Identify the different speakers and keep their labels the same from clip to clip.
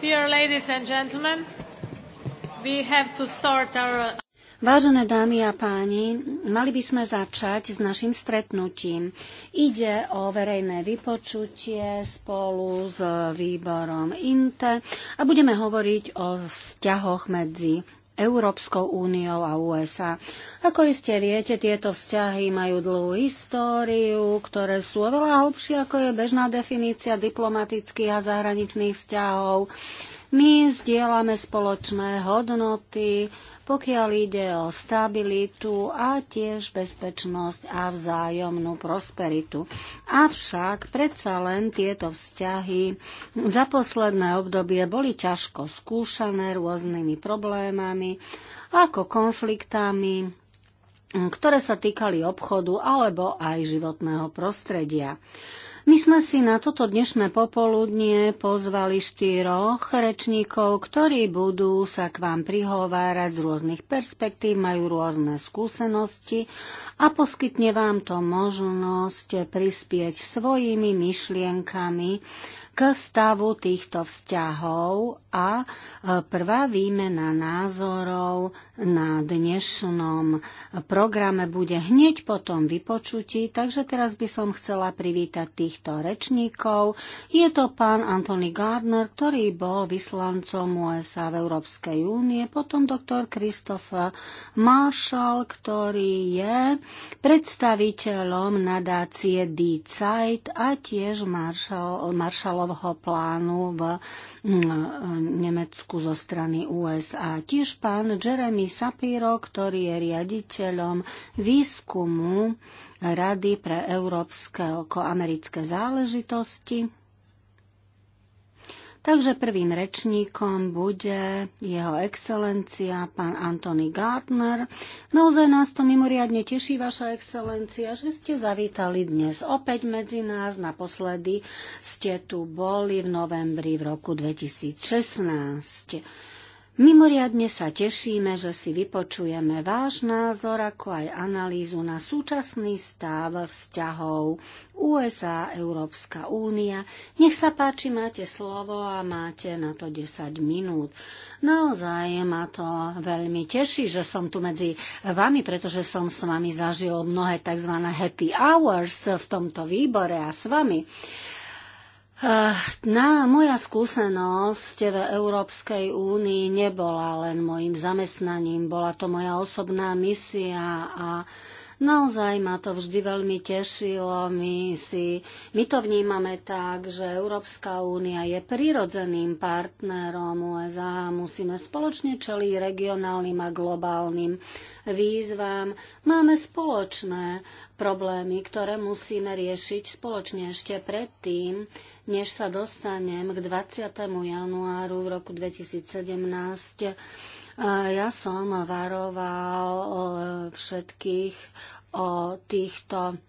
Speaker 1: Dear ladies and gentlemen, we have to start our... Vážené dámy a páni, mali by sme začať s našim stretnutím. Ide o verejné vypočutie spolu s výborom INTE a budeme hovoriť o vzťahoch medzi Európskou úniou a USA. Ako iste viete, tieto vzťahy majú dlhú históriu, ktoré sú oveľa hlbšie, ako je bežná definícia diplomatických a zahraničných vzťahov. My zdieľame spoločné hodnoty, pokiaľ ide o stabilitu a tiež bezpečnosť a vzájomnú prosperitu. Avšak predsa len tieto vzťahy za posledné obdobie boli ťažko skúšané rôznymi problémami, ako konfliktami, ktoré sa týkali obchodu alebo aj životného prostredia. My sme si na toto dnešné popoludnie pozvali štyroch rečníkov, ktorí budú sa k vám prihovárať z rôznych perspektív, majú rôzne skúsenosti a poskytne vám to možnosť prispieť svojimi myšlienkami k stavu týchto vzťahov a e, prvá výmena názorov na dnešnom programe bude hneď po tom vypočutí, takže teraz by som chcela privítať týchto rečníkov. Je to pán Anthony Gardner, ktorý bol vyslancom USA v Európskej únie, potom doktor Christopher Marshall, ktorý je predstaviteľom nadácie D. Zeit a tiež Marshall, Marshallovho plánu v Nemecku zo strany USA. Tiež pán Jeremy Sapiro, ktorý je riaditeľom výskumu Rady pre európske americké záležitosti Takže prvým rečníkom bude jeho excelencia, pán Antony Gardner. Naozaj nás to mimoriadne teší, vaša excelencia, že ste zavítali dnes opäť medzi nás. Naposledy ste tu boli v novembri v roku 2016. Mimoriadne sa tešíme, že si vypočujeme váš názor, ako aj analýzu na súčasný stav vzťahov USA, Európska únia. Nech sa páči, máte slovo a máte na to 10 minút. Naozaj ma to veľmi teší, že som tu medzi vami, pretože som s vami zažil mnohé tzv. happy hours v tomto výbore a s vami. Eh, na moja skúsenosť v Európskej únii nebola len mojim zamestnaním, bola to moja osobná misia a Naozaj ma to vždy veľmi tešilo. My, si, my to vnímame tak, že Európska únia je prirodzeným partnerom USA. Musíme spoločne čeliť regionálnym a globálnym výzvam. Máme spoločné problémy, ktoré musíme riešiť spoločne ešte predtým, než sa dostanem k 20. januáru v roku 2017 ja som varoval e, všetkých o týchto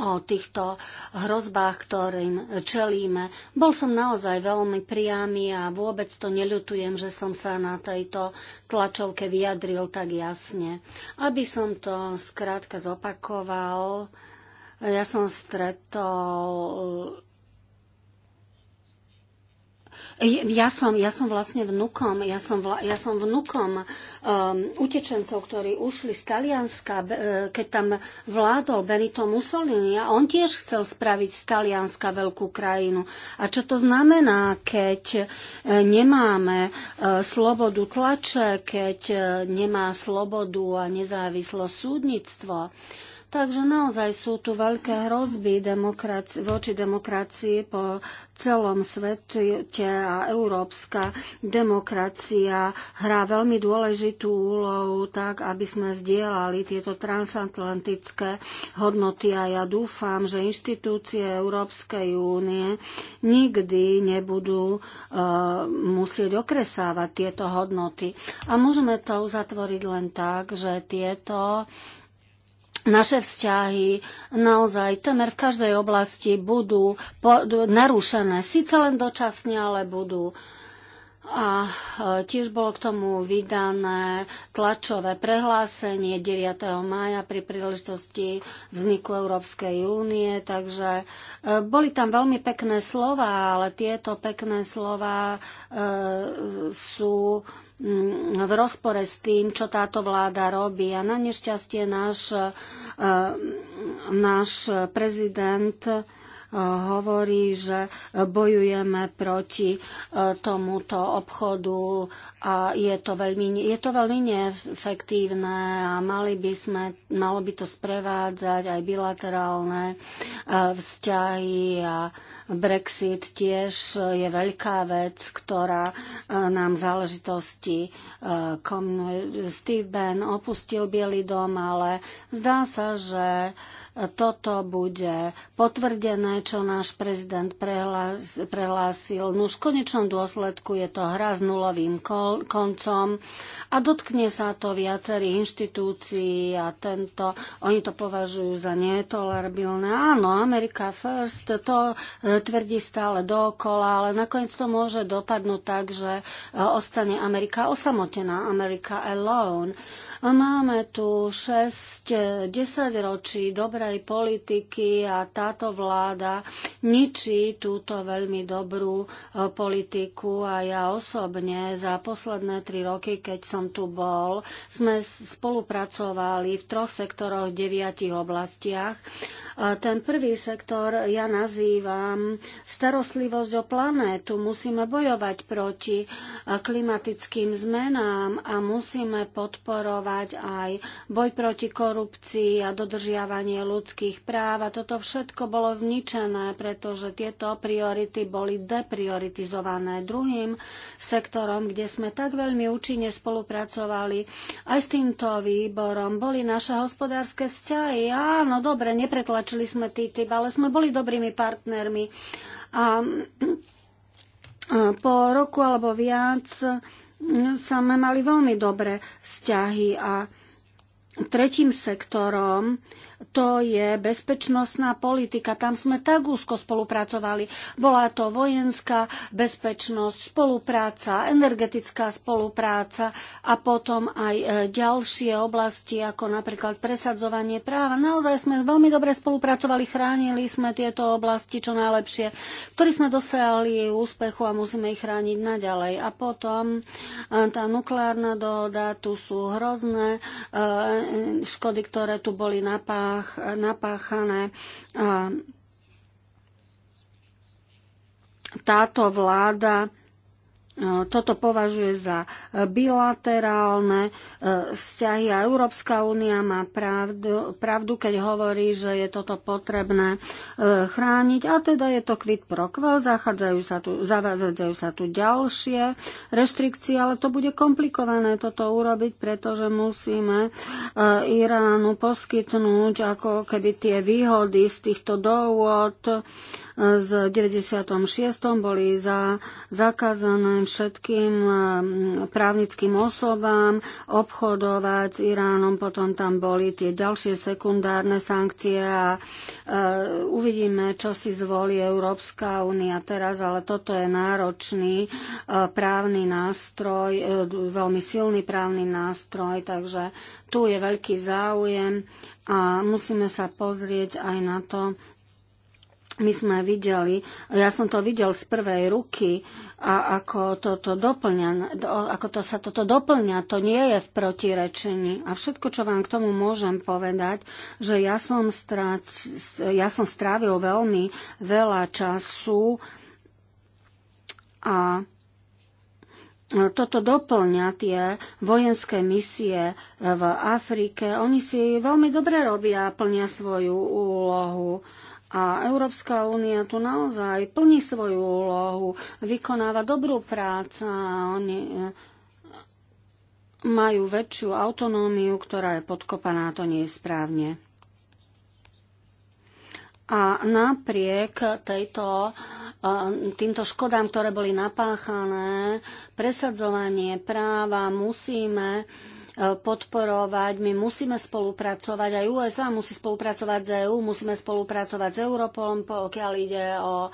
Speaker 1: o týchto hrozbách, ktorým čelíme. Bol som naozaj veľmi priamy a vôbec to neľutujem, že som sa na tejto tlačovke vyjadril tak jasne. Aby som to skrátka zopakoval, ja som stretol ja som, ja som vlastne vnukom, ja som, vla, ja som vnukom um, utečencov, ktorí ušli z Talianska, e, keď tam vládol Benito Mussolini a on tiež chcel spraviť z Talianska veľkú krajinu. A čo to znamená, keď e, nemáme e, slobodu tlače, keď nemá slobodu a nezávislosť súdnictvo? Uh, Takže naozaj sú tu veľké hrozby demokraci- voči demokracii po celom svete a európska demokracia hrá veľmi dôležitú úlohu tak, aby sme zdieľali tieto transatlantické hodnoty a ja dúfam, že inštitúcie Európskej únie nikdy nebudú e, musieť okresávať tieto hodnoty. A môžeme to uzatvoriť len tak, že tieto naše vzťahy naozaj temer v každej oblasti budú narušené, síce len dočasne, ale budú. A e, tiež bolo k tomu vydané tlačové prehlásenie 9. maja pri príležitosti vzniku Európskej únie, takže e, boli tam veľmi pekné slova, ale tieto pekné slova e, sú v rozpore s tým, čo táto vláda robí. A na nešťastie náš, eh, náš prezident hovorí, že bojujeme proti e, tomuto obchodu a je to veľmi, je to veľmi neefektívne a mali by sme, malo by to sprevádzať aj bilaterálne e, vzťahy a Brexit tiež je veľká vec, ktorá e, nám záležitosti Steve Ben opustil Bielý dom, ale zdá sa, že toto bude potvrdené, čo náš prezident prehlásil. No už v konečnom dôsledku je to hra s nulovým koncom a dotkne sa to viacerých inštitúcií a tento, oni to považujú za netolerabilné. Áno, America First to e, tvrdí stále dokola, ale nakoniec to môže dopadnúť tak, že e, ostane Amerika osamotená, Amerika alone. A máme tu 6-10 ročí dobrej politiky a táto vláda ničí túto veľmi dobrú e, politiku a ja osobne za posledné 3 roky, keď som tu bol, sme spolupracovali v troch sektoroch v deviatich oblastiach. Ten prvý sektor ja nazývam starostlivosť o planétu. Musíme bojovať proti e, klimatickým zmenám a musíme podporovať zohľadňovať aj boj proti korupcii a dodržiavanie ľudských práv. A toto všetko bolo zničené, pretože tieto priority boli deprioritizované. Druhým sektorom, kde sme tak veľmi účinne spolupracovali aj s týmto výborom, boli naše hospodárske vzťahy. Áno, dobre, nepretlačili sme TTIP, ale sme boli dobrými partnermi. A po roku alebo viac sme mali veľmi dobré vzťahy a tretím sektorom to je bezpečnostná politika. Tam sme tak úzko spolupracovali. Bola to vojenská bezpečnosť, spolupráca, energetická spolupráca a potom aj e, ďalšie oblasti, ako napríklad presadzovanie práva. Naozaj sme veľmi dobre spolupracovali, chránili sme tieto oblasti čo najlepšie, ktorí sme dosiahli úspechu a musíme ich chrániť naďalej. A potom e, tá nukleárna dohoda, tu sú hrozné e, škody, ktoré tu boli napádané pách, napáchané. Táto vláda E, toto považuje za e, bilaterálne e, vzťahy a Európska únia má pravdu, pravdu, keď hovorí, že je toto potrebné chrániť a teda je to quid pro quo, zachádzajú sa tu, zavádzajú sa tu ďalšie reštrikcie, ale to bude komplikované toto urobiť, pretože musíme Iránu poskytnúť ako keby tie výhody z týchto dôvod z 96. boli za, zakázané všetkým e, právnickým osobám obchodovať s Iránom, potom tam boli tie ďalšie sekundárne sankcie a e, uvidíme, čo si zvolí Európska únia teraz, ale toto je náročný e, právny nástroj, e, veľmi silný právny nástroj, takže tu je veľký záujem a musíme sa pozrieť aj na to, my sme videli, ja som to videl z prvej ruky, a ako, toto doplňa, ako to sa toto doplňa, to nie je v protirečení. A všetko, čo vám k tomu môžem povedať, že ja som, strát, ja som strávil veľmi veľa času a toto doplňa tie vojenské misie v Afrike. Oni si veľmi dobre robia, plnia svoju úlohu a Európska únia tu naozaj plní svoju úlohu, vykonáva dobrú prácu a oni e, majú väčšiu autonómiu, ktorá je podkopaná, to nie je správne. A napriek tejto, e, týmto škodám, ktoré boli napáchané, presadzovanie práva musíme podporovať. My musíme spolupracovať, aj USA musí spolupracovať s EU, musíme spolupracovať s Europolom, pokiaľ ide o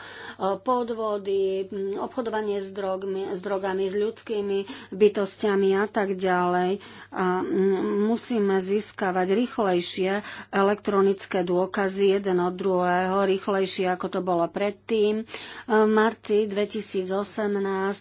Speaker 1: podvody, obchodovanie s drogami, s, drogami, s ľudskými bytostiami a tak ďalej. A musíme získavať rýchlejšie elektronické dôkazy jeden od druhého, rýchlejšie ako to bolo predtým. V marci 2018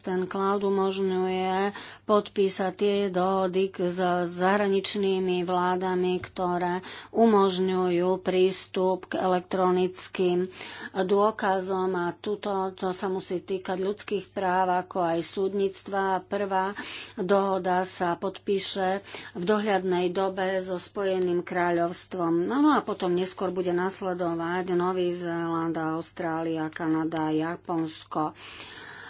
Speaker 1: ten cloud umožňuje podpísať tie dohody s zahraničnými vládami, ktoré umožňujú prístup k elektronickým dôkazom a tuto to sa musí týkať ľudských práv ako aj súdnictva. Prvá dohoda sa podpíše v dohľadnej dobe so Spojeným kráľovstvom. No, no a potom neskôr bude nasledovať Nový Zéland, Austrália, Kanada, Japonsko.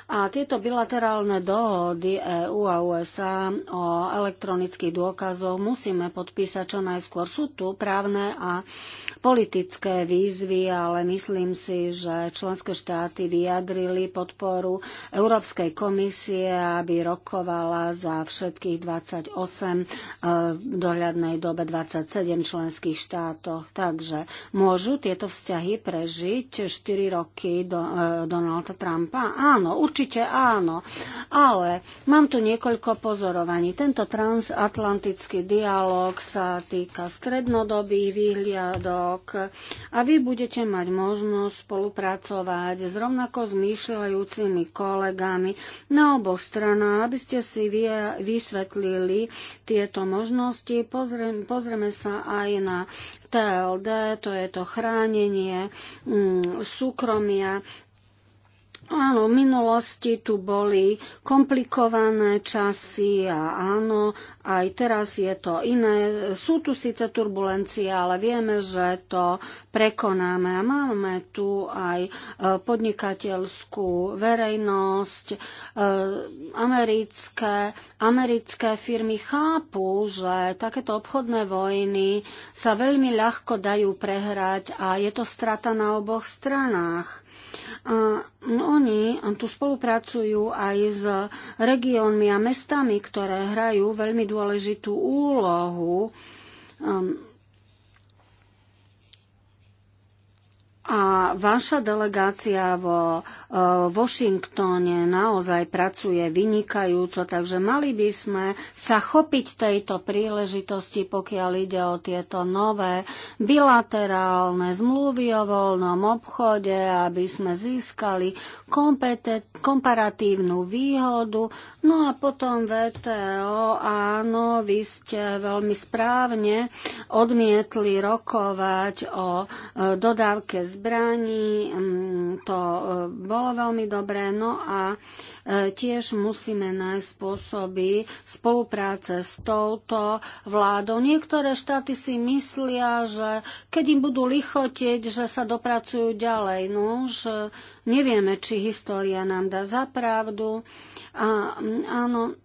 Speaker 1: A tieto bilaterálne dohody EU a USA o elektronických dôkazoch musíme podpísať čo najskôr. Sú tu právne a politické výzvy, ale myslím si, že členské štáty vyjadrili podporu Európskej komisie, aby rokovala za všetkých 28 e, v dohľadnej dobe 27 členských štátov. Takže môžu tieto vzťahy prežiť 4 roky do, e, Donalda Trumpa? Áno, určite Určite áno, ale mám tu niekoľko pozorovaní. Tento transatlantický dialog sa týka strednodobých výhliadok a vy budete mať možnosť spolupracovať s rovnako zmýšľajúcimi kolegami na oboch stranách, aby ste si vysvetlili tieto možnosti. Pozrieme, pozrieme sa aj na TLD, to je to chránenie mm, súkromia Áno, v minulosti tu boli komplikované časy a áno, aj teraz je to iné. Sú tu síce turbulencie, ale vieme, že to prekonáme a máme tu aj e, podnikateľskú verejnosť. E, americké, americké firmy chápu, že takéto obchodné vojny sa veľmi ľahko dajú prehrať a je to strata na oboch stranách oni tu spolupracujú aj s regiónmi a mestami, ktoré hrajú veľmi dôležitú úlohu um, A vaša delegácia vo e, Washingtone naozaj pracuje vynikajúco, takže mali by sme sa chopiť tejto príležitosti, pokiaľ ide o tieto nové bilaterálne zmluvy o voľnom obchode, aby sme získali komparatívnu výhodu. No a potom VTO, áno, vy ste veľmi správne odmietli rokovať o e, dodávke z zbraní, mm, to e, bolo veľmi dobré, no a e, tiež musíme nájsť spôsoby spolupráce s touto vládou. Niektoré štáty si myslia, že keď im budú lichotieť, že sa dopracujú ďalej. No už nevieme, či história nám dá zapravdu. A, áno,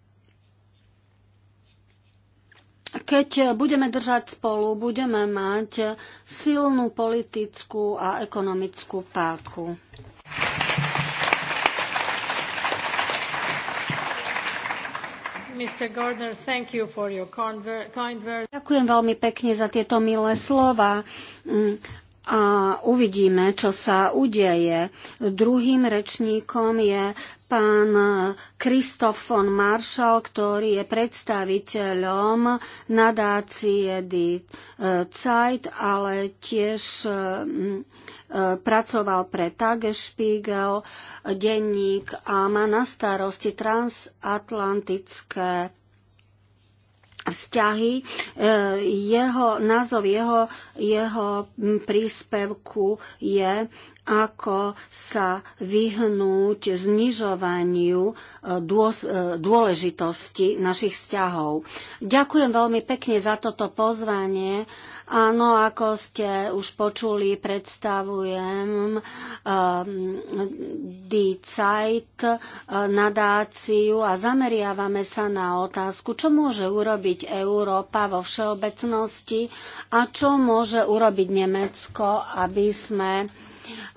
Speaker 1: keď budeme držať spolu, budeme mať silnú politickú a ekonomickú páku. Gardner, you Ďakujem veľmi pekne za tieto milé slova. Mm, a uvidíme, čo sa udeje. Druhým rečníkom je pán Kristof von Marshall, ktorý je predstaviteľom nadácie Die Zeit, ale tiež mm, e, pracoval pre Tagesspiegel, denník a má na starosti transatlantické vzťahy, e, jeho názov, jeho, jeho príspevku je ako sa vyhnúť znižovaniu e, e, dôležitosti našich vzťahov. Ďakujem veľmi pekne za toto pozvanie Áno, ako ste už počuli, predstavujem um, Die Zeit uh, nadáciu a zameriavame sa na otázku, čo môže urobiť Európa vo všeobecnosti a čo môže urobiť Nemecko, aby sme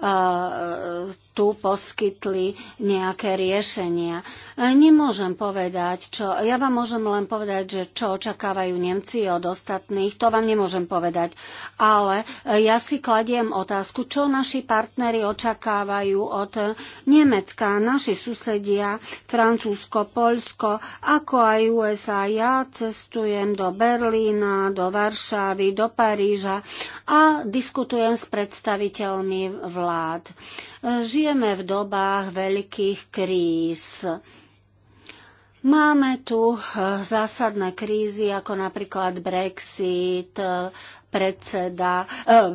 Speaker 1: uh, tu poskytli nejaké riešenia. E, nemôžem povedať, čo, ja vám môžem len povedať, že čo očakávajú Nemci od ostatných, to vám nemôžem povedať. Ale e, ja si kladiem otázku, čo naši partnery očakávajú od Nemecka, naši susedia, Francúzsko, Polsko, ako aj USA. Ja cestujem do Berlína, do Varšavy, do Paríža a diskutujem s predstaviteľmi vlád. Žijem Žijeme v dobách veľkých kríz. Máme tu eh, zásadné krízy, ako napríklad Brexit, eh, predseda, eh,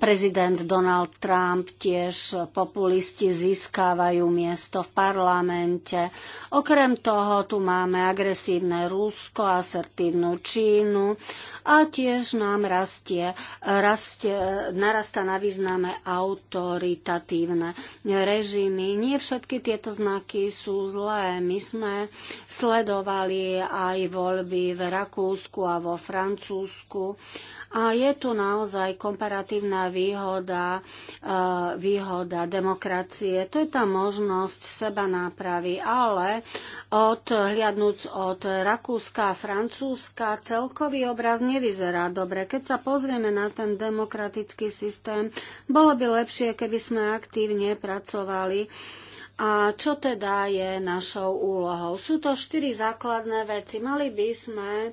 Speaker 1: prezident Donald Trump, tiež populisti získávajú miesto v parlamente. Okrem toho tu máme agresívne Rusko, asertívnu Čínu a tiež nám rastie, rastie narasta na význame autoritatívne režimy. Nie všetky tieto znaky sú zlé. My sme sledovali aj voľby v Rakúsku a vo Francúzsku. A je tu naozaj komparatívna výhoda, e, výhoda demokracie. To je tá možnosť seba nápravy, ale odhliadnúc od Rakúska a Francúzska celkový obraz nie nevyzerá dobre. Keď sa pozrieme na ten demokratický systém, bolo by lepšie, keby sme aktívne pracovali a čo teda je našou úlohou? Sú to štyri základné veci. Mali by sme e,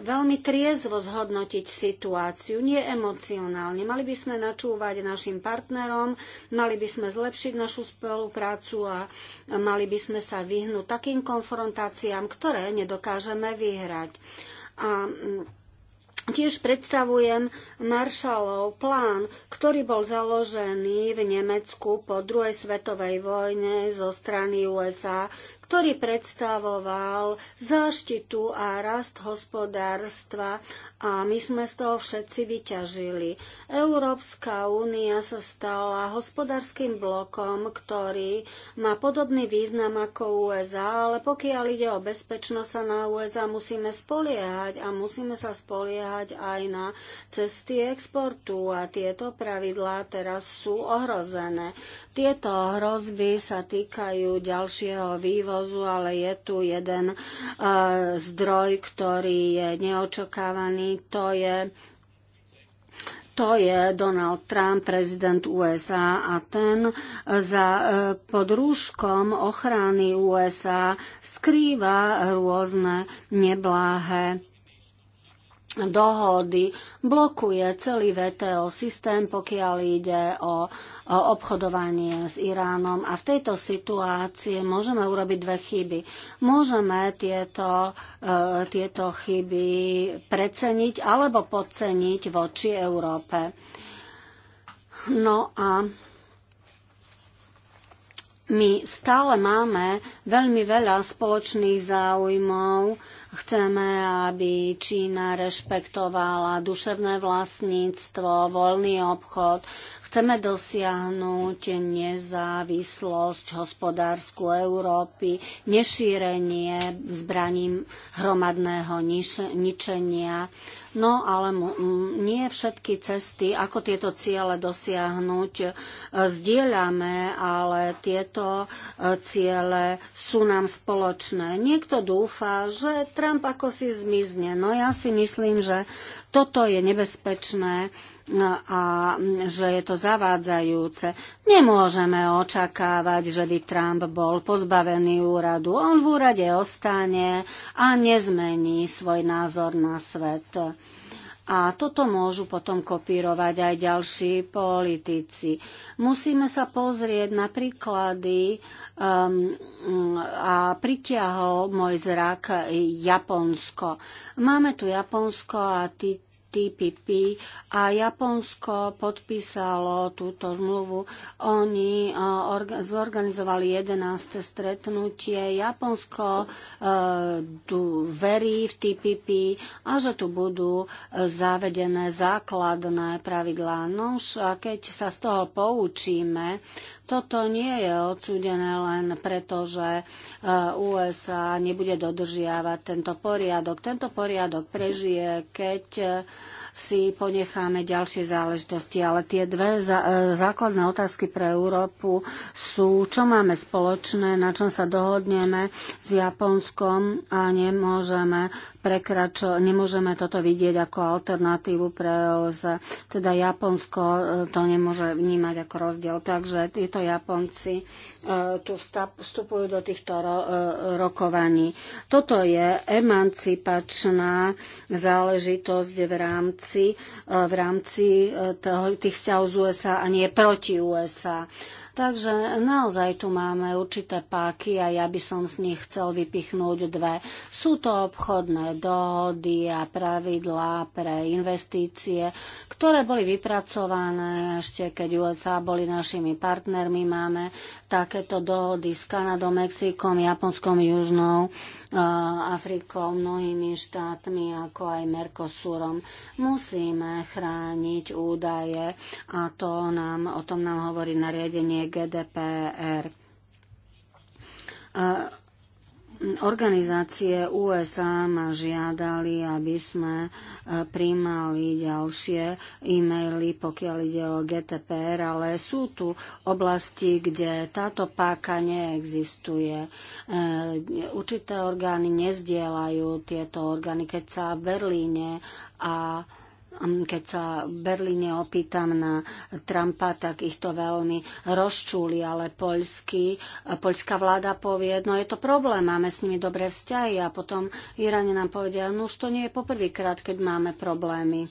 Speaker 1: veľmi triezvo zhodnotiť situáciu, nie emocionálne. Mali by sme načúvať našim partnerom, mali by sme zlepšiť našu spoluprácu a mali by sme sa vyhnúť takým konfrontáciám, ktoré nedokážeme vyhrať. A mm, Tiež predstavujem Marshallov plán, ktorý bol založený v Nemecku po druhej svetovej vojne zo strany USA, ktorý predstavoval záštitu a rast hospodárstva a my sme z toho všetci vyťažili. Európska únia sa stala hospodárskym blokom, ktorý má podobný význam ako USA, ale pokiaľ ide o bezpečnosť sa na USA musíme spoliehať a musíme sa spoliehať aj na cesty exportu a tieto pravidlá teraz sú ohrozené. Tieto hrozby sa týkajú ďalšieho vývozu, ale je tu jeden uh, zdroj, ktorý je neočakávaný to je to je Donald Trump, prezident USA a ten za, eh, pod rúškom ochrany USA skrýva rôzne nebláhé dohody blokuje celý VTO systém, pokiaľ ide o, obchodovanie s Iránom. A v tejto situácii môžeme urobiť dve chyby. Môžeme tieto, e, tieto chyby preceniť alebo podceniť voči Európe. No a my stále máme veľmi veľa spoločných záujmov, Chceme, aby Čína rešpektovala duševné vlastníctvo, voľný obchod. Chceme dosiahnuť nezávislosť hospodársku Európy, nešírenie zbraním hromadného ničenia No ale nie všetky cesty, ako tieto ciele dosiahnuť, e, zdieľame, ale tieto e, ciele sú nám spoločné. Niekto dúfa, že Trump ako si zmizne. No ja si myslím, že toto je nebezpečné No a že je to zavádzajúce. Nemôžeme očakávať, že by Trump bol pozbavený úradu. On v úrade ostane a nezmení svoj názor na svet. A toto môžu potom kopírovať aj ďalší politici. Musíme sa pozrieť na príklady um, a pritiahol môj zrak Japonsko. Máme tu Japonsko a tí TPP a Japonsko podpísalo túto zmluvu. Oni eh, zorganizovali 11. stretnutie. Japonsko eh, verí v TPP a že tu budú eh, zavedené základné pravidlá. Nož a keď sa z toho poučíme, toto nie je odsúdené len preto, že e, USA nebude dodržiavať tento poriadok. Tento poriadok prežije, keď e, si ponecháme ďalšie záležitosti, ale tie dve e, základné otázky pre Európu sú, čo máme spoločné, na čom sa dohodneme s Japonskom a nemôžeme prekračo, nemôžeme toto vidieť ako alternatívu pre OZ. Teda Japonsko e, to nemôže vnímať ako rozdiel. Takže títo Japonci e, tu vstupujú do týchto ro- e, rokovaní. Toto je emancipačná záležitosť v rámci, v rámci tých vzťahov z USA a nie proti USA. Takže naozaj tu máme určité páky a ja by som z nich chcel vypichnúť dve. Sú to obchodné dohody a pravidlá pre investície, ktoré boli vypracované ešte keď USA boli našimi partnermi. Máme takéto dohody s Kanadou, Mexikom, Japonskom, Južnou uh, Afrikou, mnohými štátmi, ako aj Mercosurom. Musíme chrániť údaje a to nám, o tom nám hovorí nariadenie GDPR. Uh, organizácie USA ma žiadali, aby sme e, príjmali ďalšie e-maily, pokiaľ ide o GTPR, ale sú tu oblasti, kde táto páka neexistuje. E, určité orgány nezdielajú tieto orgány. Keď sa v Berlíne a keď sa v Berlíne opýtam na Trumpa, tak ich to veľmi rozčúli, ale poľský, poľská vláda povie, no je to problém, máme s nimi dobré vzťahy a potom Iráne nám povedia, no už to nie je poprvýkrát, keď máme problémy.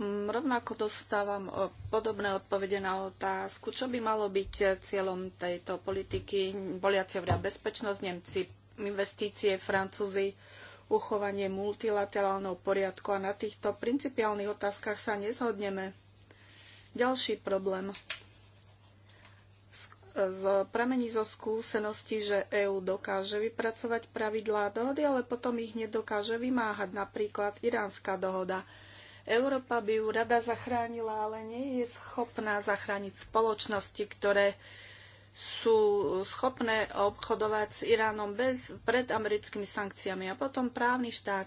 Speaker 2: Mm, rovnako dostávam podobné odpovede na otázku, čo by malo byť cieľom tejto politiky. Boliacia cieľom bezpečnosť, Nemci investície, Francúzi uchovanie multilaterálneho poriadku a na týchto principiálnych otázkach sa nezhodneme. Ďalší problém z, pramení zo skúsenosti, že EÚ dokáže vypracovať pravidlá dohody, ale potom ich nedokáže vymáhať, napríklad iránska dohoda. Európa by ju rada zachránila, ale nie je schopná zachrániť spoločnosti, ktoré sú schopné obchodovať s Iránom bez, pred americkými sankciami. A potom právny štát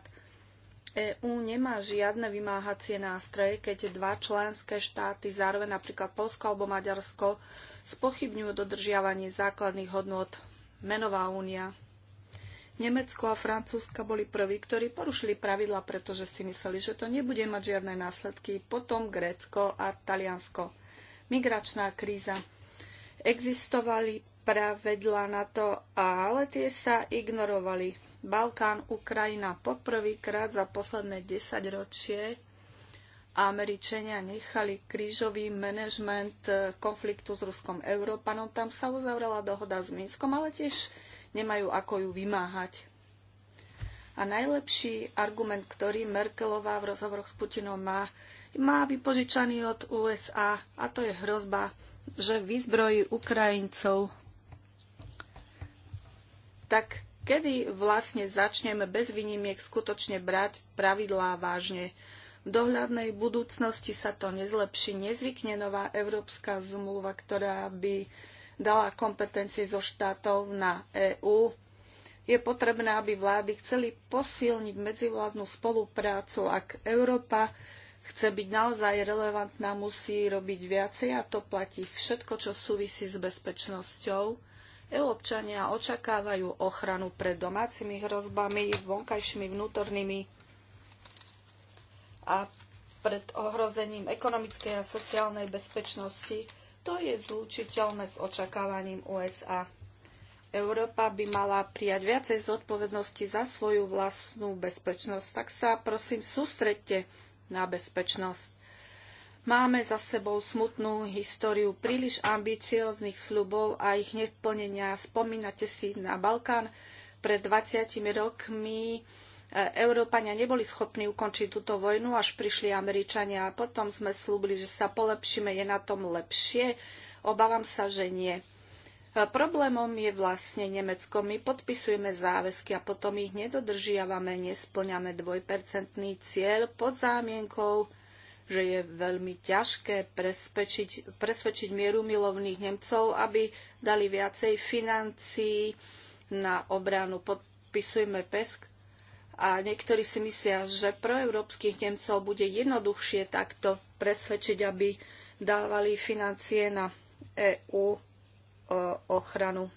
Speaker 2: EÚ nemá žiadne vymáhacie nástroje, keď dva členské štáty, zároveň napríklad Polsko alebo Maďarsko, spochybňujú dodržiavanie základných hodnot menová únia. Nemecko a Francúzska boli prví, ktorí porušili pravidla, pretože si mysleli, že to nebude mať žiadne následky. Potom Grécko a Taliansko. Migračná kríza. Existovali pravedla na to, ale tie sa ignorovali. Balkán, Ukrajina poprvýkrát za posledné 10 ročie Američania nechali krížový manažment eh, konfliktu s Ruskom Európanom. Tam sa uzavrela dohoda s Minskom, ale tiež nemajú ako ju vymáhať. A najlepší argument, ktorý Merkelová v rozhovoroch s Putinom má, má vypožičaný od USA a to je hrozba že vyzbrojí Ukrajincov. Tak kedy vlastne začneme bez výnimiek skutočne brať pravidlá vážne? V dohľadnej budúcnosti sa to nezlepší. Nezvykne nová európska zmluva, ktorá by dala kompetencie zo štátov na EÚ. Je potrebné, aby vlády chceli posilniť medzivládnu spoluprácu, ak Európa chce byť naozaj relevantná, musí robiť viacej a to platí všetko, čo súvisí s bezpečnosťou. občania očakávajú ochranu pred domácimi hrozbami, vonkajšími, vnútornými a pred ohrozením ekonomickej a sociálnej bezpečnosti. To je zlúčiteľné s očakávaním USA. Európa by mala prijať viacej zodpovednosti za svoju vlastnú bezpečnosť, tak sa prosím sústredte na bezpečnosť. Máme za sebou smutnú históriu príliš ambicióznych sľubov a ich neplnenia. Spomínate si na Balkán pred 20 rokmi. E, Európania neboli schopní ukončiť túto vojnu, až prišli Američania a potom sme slúbili, že sa polepšíme, je na tom lepšie. Obávam sa, že nie. Problémom je vlastne Nemecko. My podpisujeme záväzky a potom ich nedodržiavame, nesplňame dvojpercentný cieľ pod zámienkou, že je veľmi ťažké presvedčiť, presvedčiť mierumilovných Nemcov, aby dali viacej financií na obranu. Podpisujeme PESK a niektorí si myslia, že pro Európskych Nemcov bude jednoduchšie takto presvedčiť, aby dávali financie na EÚ ochranu.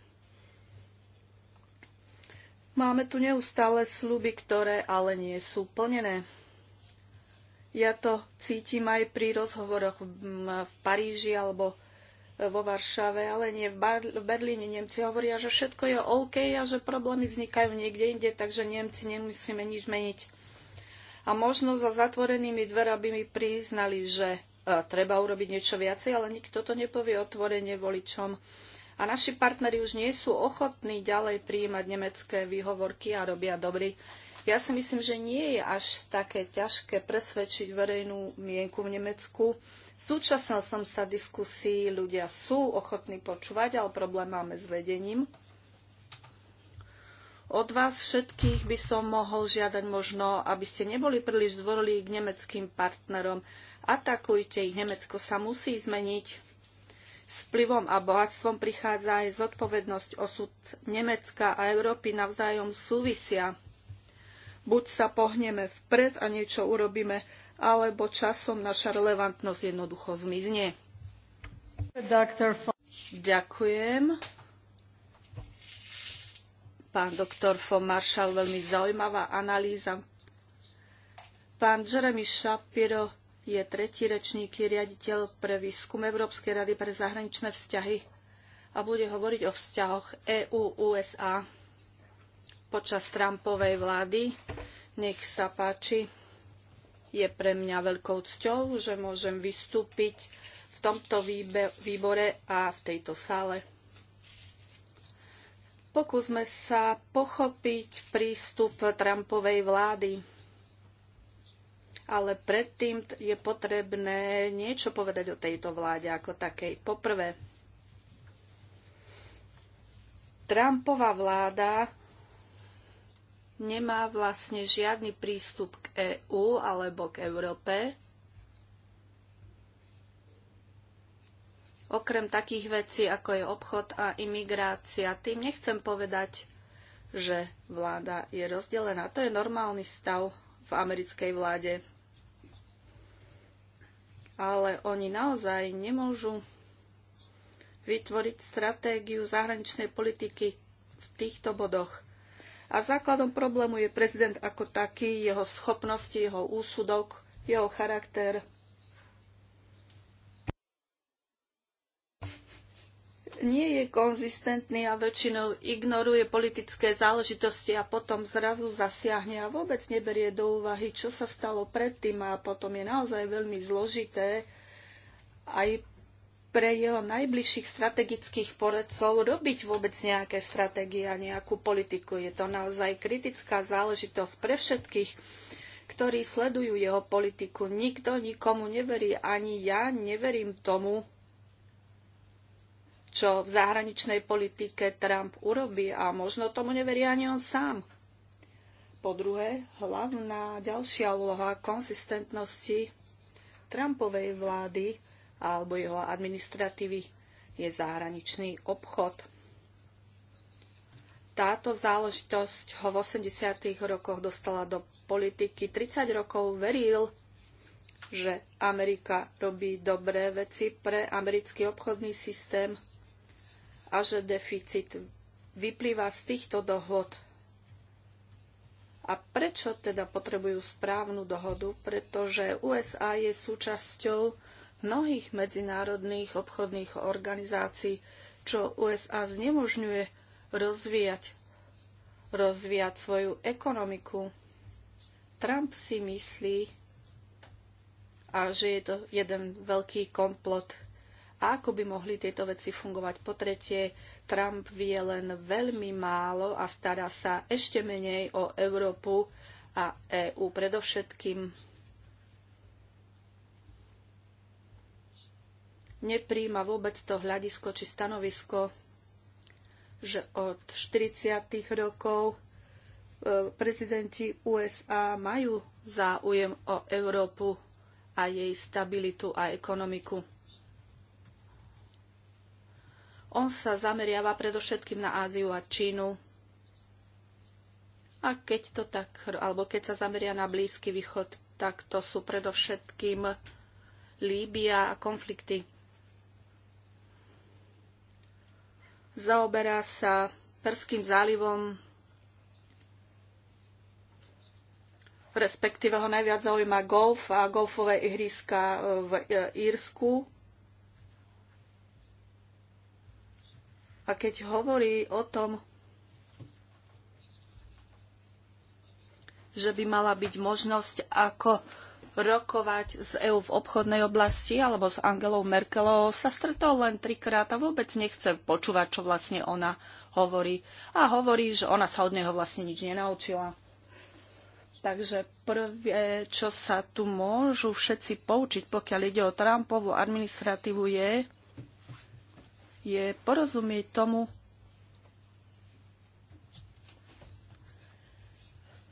Speaker 2: Máme tu neustále sluby, ktoré ale nie sú plnené. Ja to cítim aj pri rozhovoroch v Paríži alebo vo Varšave, ale nie v, Bar- v Berlíne. Nemci hovoria, že všetko je OK a že problémy vznikajú niekde inde, takže Nemci nemusíme nič meniť. A možno za zatvorenými dverami by mi priznali, že e, treba urobiť niečo viacej, ale nikto to nepovie otvorene voličom. A naši partneri už nie sú ochotní ďalej prijímať nemecké výhovorky a robia dobrý. Ja si myslím, že nie je až také ťažké presvedčiť verejnú mienku v Nemecku. Súčasnil som sa diskusí, ľudia sú ochotní počúvať, ale problém máme s vedením. Od vás všetkých by som mohol žiadať možno, aby ste neboli príliš zvorili k nemeckým partnerom. Atakujte ich, Nemecko sa musí zmeniť. S vplyvom a bohatstvom prichádza aj zodpovednosť osud Nemecka a Európy navzájom súvisia. Buď sa pohneme vpred a niečo urobíme, alebo časom naša relevantnosť jednoducho zmizne. Ďakujem. Pán doktor von Marshall, veľmi zaujímavá analýza. Pán Jeremy Shapiro je tretí rečník, je riaditeľ pre výskum Európskej rady pre zahraničné vzťahy a bude hovoriť o vzťahoch EU-USA počas Trumpovej vlády. Nech sa páči. Je pre mňa veľkou cťou, že môžem vystúpiť v tomto výbore a v tejto sále. Pokúsme sa pochopiť prístup Trumpovej vlády ale predtým je potrebné niečo povedať o tejto vláde ako takej. Poprvé, Trumpova vláda nemá vlastne žiadny prístup k EÚ alebo k Európe. Okrem takých vecí, ako je obchod a imigrácia, tým nechcem povedať, že vláda je rozdelená. To je normálny stav v americkej vláde ale oni naozaj nemôžu vytvoriť stratégiu zahraničnej politiky v týchto bodoch. A základom problému je prezident ako taký, jeho schopnosti, jeho úsudok, jeho charakter. nie je konzistentný a väčšinou ignoruje politické záležitosti a potom zrazu zasiahne a vôbec neberie do úvahy, čo sa stalo predtým a potom je naozaj veľmi zložité aj pre jeho najbližších strategických poradcov robiť vôbec nejaké stratégie a nejakú politiku. Je to naozaj kritická záležitosť pre všetkých, ktorí sledujú jeho politiku. Nikto nikomu neverí, ani ja neverím tomu, čo v zahraničnej politike Trump urobí a možno tomu neverí ani on sám. Po druhé, hlavná ďalšia úloha konsistentnosti Trumpovej vlády alebo jeho administratívy je zahraničný obchod. Táto záležitosť ho v 80. rokoch dostala do politiky. 30 rokov veril, že Amerika robí dobré veci pre americký obchodný systém a že deficit vyplýva z týchto dohod. A prečo teda potrebujú správnu dohodu? Pretože USA je súčasťou mnohých medzinárodných obchodných organizácií, čo USA znemožňuje rozvíjať, rozvíjať svoju ekonomiku. Trump si myslí, a že je to jeden veľký komplot a ako by mohli tieto veci fungovať. Po tretie, Trump vie len veľmi málo a stará sa ešte menej o Európu a EÚ predovšetkým. Nepríjma vôbec to hľadisko či stanovisko, že od 40. rokov e, prezidenti USA majú záujem o Európu a jej stabilitu a ekonomiku on sa zameriava predovšetkým na Áziu a Čínu. A keď to tak, alebo keď sa zameria na Blízky východ, tak to sú predovšetkým Líbia a konflikty. Zaoberá sa Perským zálivom, respektíve ho najviac zaujíma golf a golfové ihriska v Írsku A keď hovorí o tom, že by mala byť možnosť, ako rokovať z EÚ v obchodnej oblasti alebo s Angelou Merkelovou sa stretol len trikrát a vôbec nechce počúvať, čo vlastne ona hovorí. A hovorí, že ona sa od neho vlastne nič nenaučila. Takže prvé, čo sa tu môžu všetci poučiť, pokiaľ ide o Trumpovú administratívu, je, je porozumieť tomu,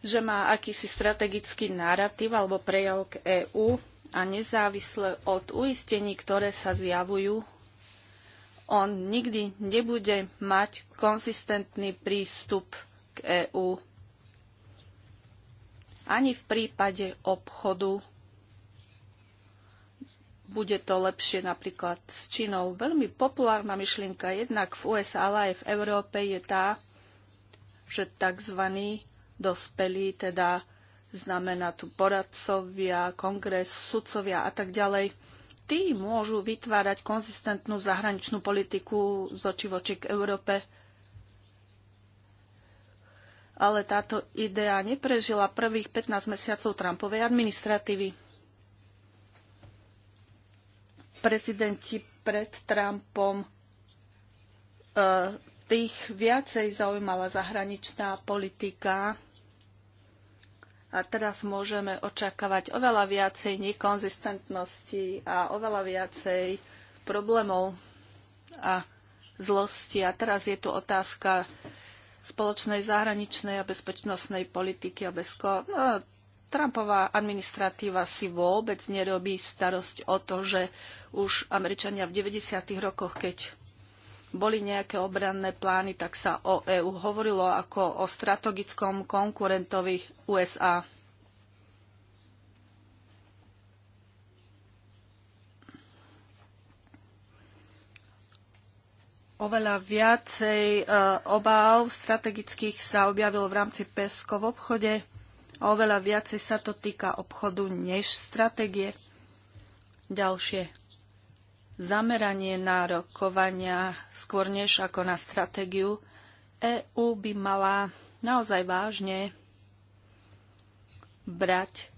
Speaker 2: že má akýsi strategický narratív alebo prejav k EÚ a nezávisle od uistení, ktoré sa zjavujú, on nikdy nebude mať konzistentný prístup k EÚ. Ani v prípade obchodu bude to lepšie napríklad s Čínou. Veľmi populárna myšlienka jednak v USA, ale aj v Európe je tá, že tzv. dospelí, teda znamená tu poradcovia, kongres, sudcovia a tak ďalej, tí môžu vytvárať konzistentnú zahraničnú politiku z očí voči k Európe. Ale táto idea neprežila prvých 15 mesiacov Trumpovej administratívy prezidenti pred Trumpom eh, tých viacej zaujímala zahraničná politika a teraz môžeme očakávať oveľa viacej nekonzistentnosti a oveľa viacej problémov a zlosti. A teraz je tu otázka spoločnej zahraničnej a bezpečnostnej politiky a bez ko- no, Trumpová administratíva si vôbec nerobí starosť o to, že už Američania v 90. rokoch, keď boli nejaké obranné plány, tak sa o EÚ hovorilo ako o strategickom konkurentovi USA. Oveľa viacej e, obáv strategických sa objavilo v rámci PESCO v obchode Oveľa viacej sa to týka obchodu než stratégie. Ďalšie. Zameranie na rokovania skôr než ako na stratégiu. EÚ by mala naozaj vážne brať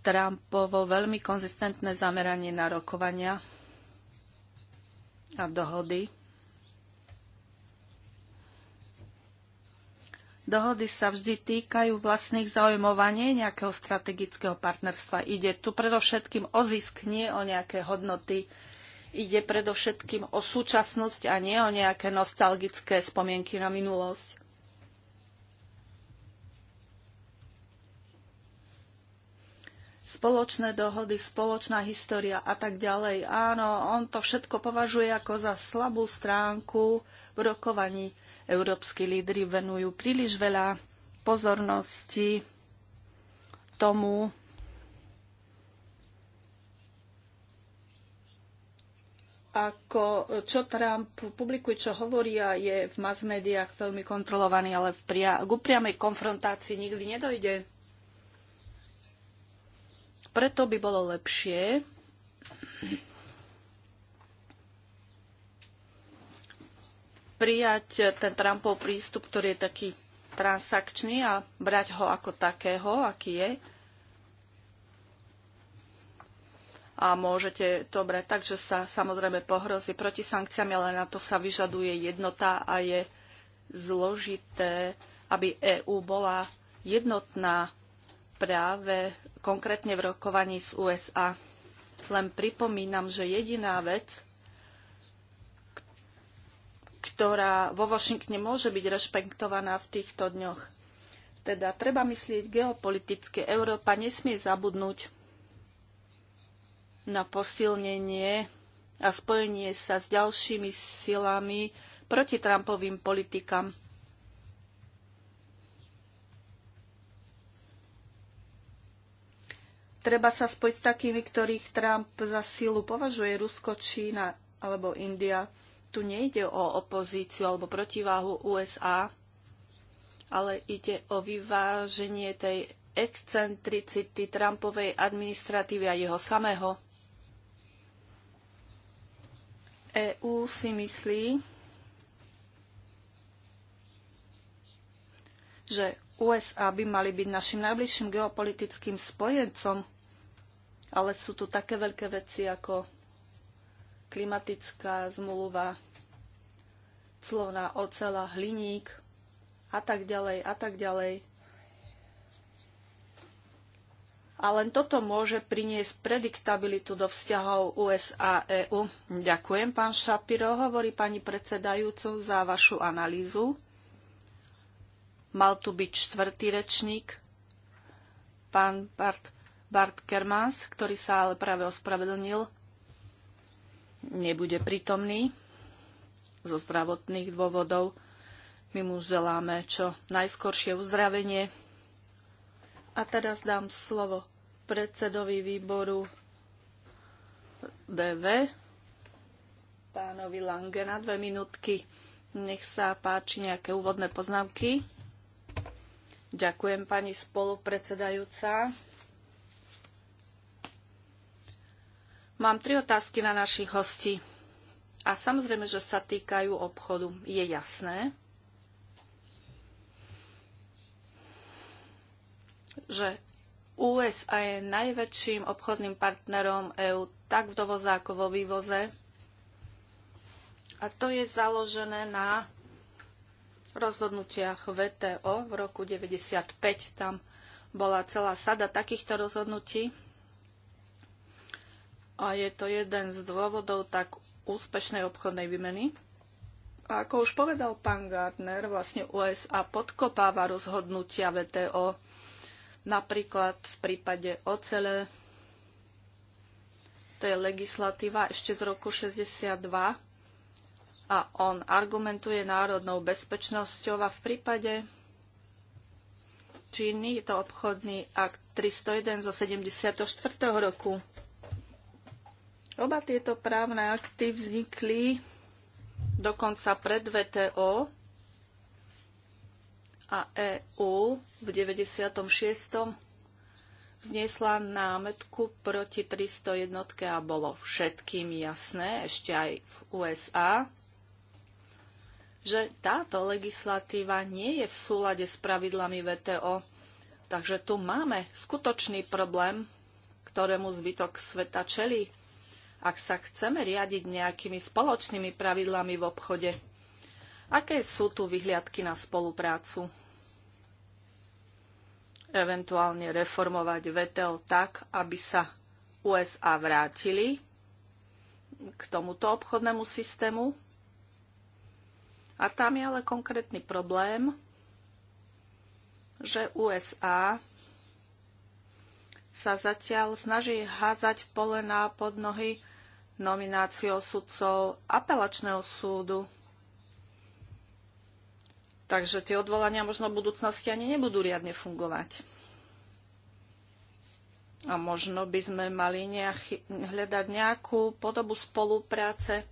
Speaker 2: Trumpovo veľmi konzistentné zameranie na rokovania a dohody Dohody sa vždy týkajú vlastných záujmov a nie nejakého strategického partnerstva. Ide tu predovšetkým o zisk, nie o nejaké hodnoty. Ide predovšetkým o súčasnosť a nie o nejaké nostalgické spomienky na minulosť. spoločné dohody, spoločná história a tak ďalej. Áno, on to všetko považuje ako za slabú stránku v rokovaní. Európsky lídry venujú príliš veľa pozornosti tomu, ako čo Trump publikuje, čo hovorí a je v mass médiách veľmi kontrolovaný, ale v pria- k upriamej konfrontácii nikdy nedojde. Preto by bolo lepšie, prijať ten Trumpov prístup, ktorý je taký transakčný a brať ho ako takého, aký je. A môžete to brať tak, že sa samozrejme pohrozí proti sankciami, ale na to sa vyžaduje jednota a je zložité, aby EÚ bola jednotná práve konkrétne v rokovaní z USA. Len pripomínam, že jediná vec, ktorá vo Washingtone môže byť rešpektovaná v týchto dňoch. Teda treba myslieť geopoliticky. Európa nesmie zabudnúť na posilnenie a spojenie sa s ďalšími silami proti Trumpovým politikám. Treba sa spojiť s takými, ktorých Trump za sílu považuje Rusko, Čína alebo India tu nejde o opozíciu alebo protiváhu USA, ale ide o vyváženie tej excentricity Trumpovej administratívy a jeho samého. EU si myslí, že USA by mali byť našim najbližším geopolitickým spojencom, ale sú tu také veľké veci ako klimatická zmluva, slovná ocela, hliník a tak ďalej a tak ďalej. A len toto môže priniesť prediktabilitu do vzťahov USA-EU. E Ďakujem, pán Šapiro, hovorí pani predsedajúcu za vašu analýzu. Mal tu byť čtvrtý rečník, pán Bart, Bart Kermans, ktorý sa ale práve ospravedlnil nebude prítomný zo zdravotných dôvodov. My mu želáme čo najskoršie uzdravenie. A teraz dám slovo predsedovi výboru DV, pánovi Lange, na dve minútky. Nech sa páči nejaké úvodné poznámky. Ďakujem pani spolupredsedajúca. Mám tri otázky na našich hostí. A samozrejme, že sa týkajú obchodu. Je jasné, že USA je najväčším obchodným partnerom EÚ tak v dovoze ako vo vývoze. A to je založené na rozhodnutiach VTO v roku 1995. Tam bola celá sada takýchto rozhodnutí a je to jeden z dôvodov tak úspešnej obchodnej výmeny. A ako už povedal pán Gardner, vlastne USA podkopáva rozhodnutia VTO, napríklad v prípade ocele, to je legislatíva ešte z roku 62, a on argumentuje národnou bezpečnosťou a v prípade Číny je to obchodný akt 301 zo 74. roku. Oba tieto právne akty vznikli dokonca pred VTO a EÚ v 96. vznesla námetku proti 300 jednotke a bolo všetkým jasné, ešte aj v USA, že táto legislatíva nie je v súlade s pravidlami VTO. Takže tu máme skutočný problém, ktorému zbytok sveta čelí ak sa chceme riadiť nejakými spoločnými pravidlami v obchode. Aké sú tu vyhliadky na spoluprácu? Eventuálne reformovať VTO tak, aby sa USA vrátili k tomuto obchodnému systému. A tam je ale konkrétny problém, že USA sa zatiaľ snaží hádzať polená pod nohy nomináciou sudcov apelačného súdu. Takže tie odvolania možno v budúcnosti ani nebudú riadne fungovať. A možno by sme mali nejak, hľadať nejakú podobu spolupráce,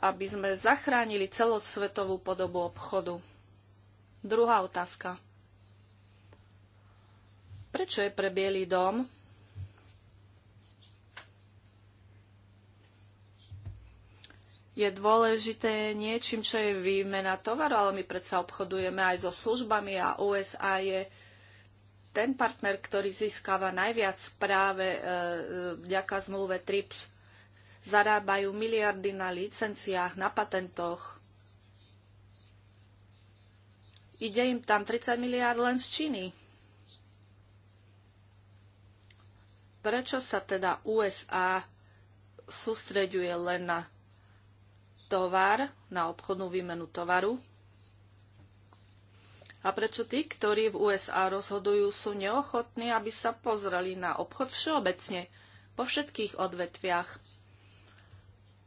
Speaker 2: aby sme zachránili celosvetovú podobu obchodu. Druhá otázka. Prečo je pre Bielý dom je dôležité niečím, čo je výmena tovaru, ale my predsa obchodujeme aj so službami a USA je ten partner, ktorý získava najviac práve e, e, vďaka zmluve TRIPS. Zarábajú miliardy na licenciách, na patentoch. Ide im tam 30 miliard len z Číny. Prečo sa teda USA sústreďuje len na tovar, na obchodnú výmenu tovaru. A prečo tí, ktorí v USA rozhodujú, sú neochotní, aby sa pozreli na obchod všeobecne, vo všetkých odvetviach?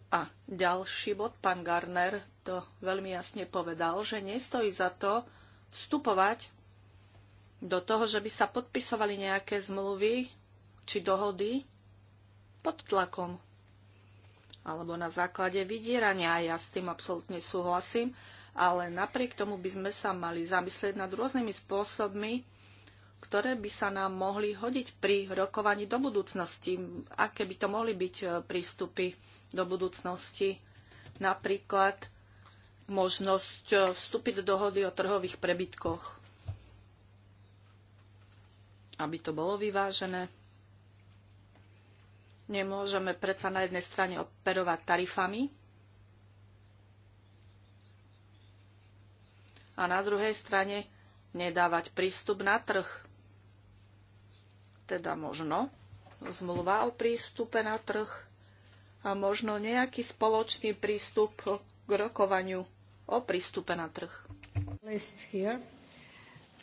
Speaker 2: A ďalší bod, pán Garner to veľmi jasne povedal, že nestojí za to vstupovať do toho, že by sa podpisovali nejaké zmluvy či dohody pod tlakom alebo na základe vydierania. Ja s tým absolútne súhlasím, ale napriek tomu by sme sa mali zamyslieť nad rôznymi spôsobmi, ktoré by sa nám mohli hodiť pri rokovaní do budúcnosti, aké by to mohli byť e, prístupy do budúcnosti. Napríklad možnosť e, vstúpiť do dohody o trhových prebytkoch, aby to bolo vyvážené. Nemôžeme predsa na jednej strane operovať tarifami a na druhej strane nedávať prístup na trh. Teda možno zmluva o prístupe na trh a možno nejaký spoločný prístup k rokovaniu o prístupe na trh.
Speaker 1: List here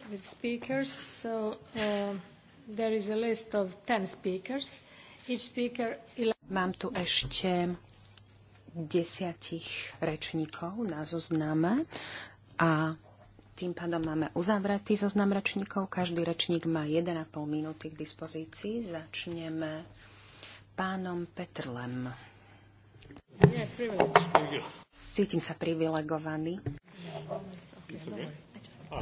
Speaker 1: with speakers. So, uh, there is a list of 10 speakers.
Speaker 3: Mám tu ešte desiatich rečníkov na zozname a tým pádom máme uzavretý zoznam rečníkov. Každý rečník má 1,5 minúty k dispozícii. Začneme pánom Petrlem. Cítim sa privilegovaný. Ah.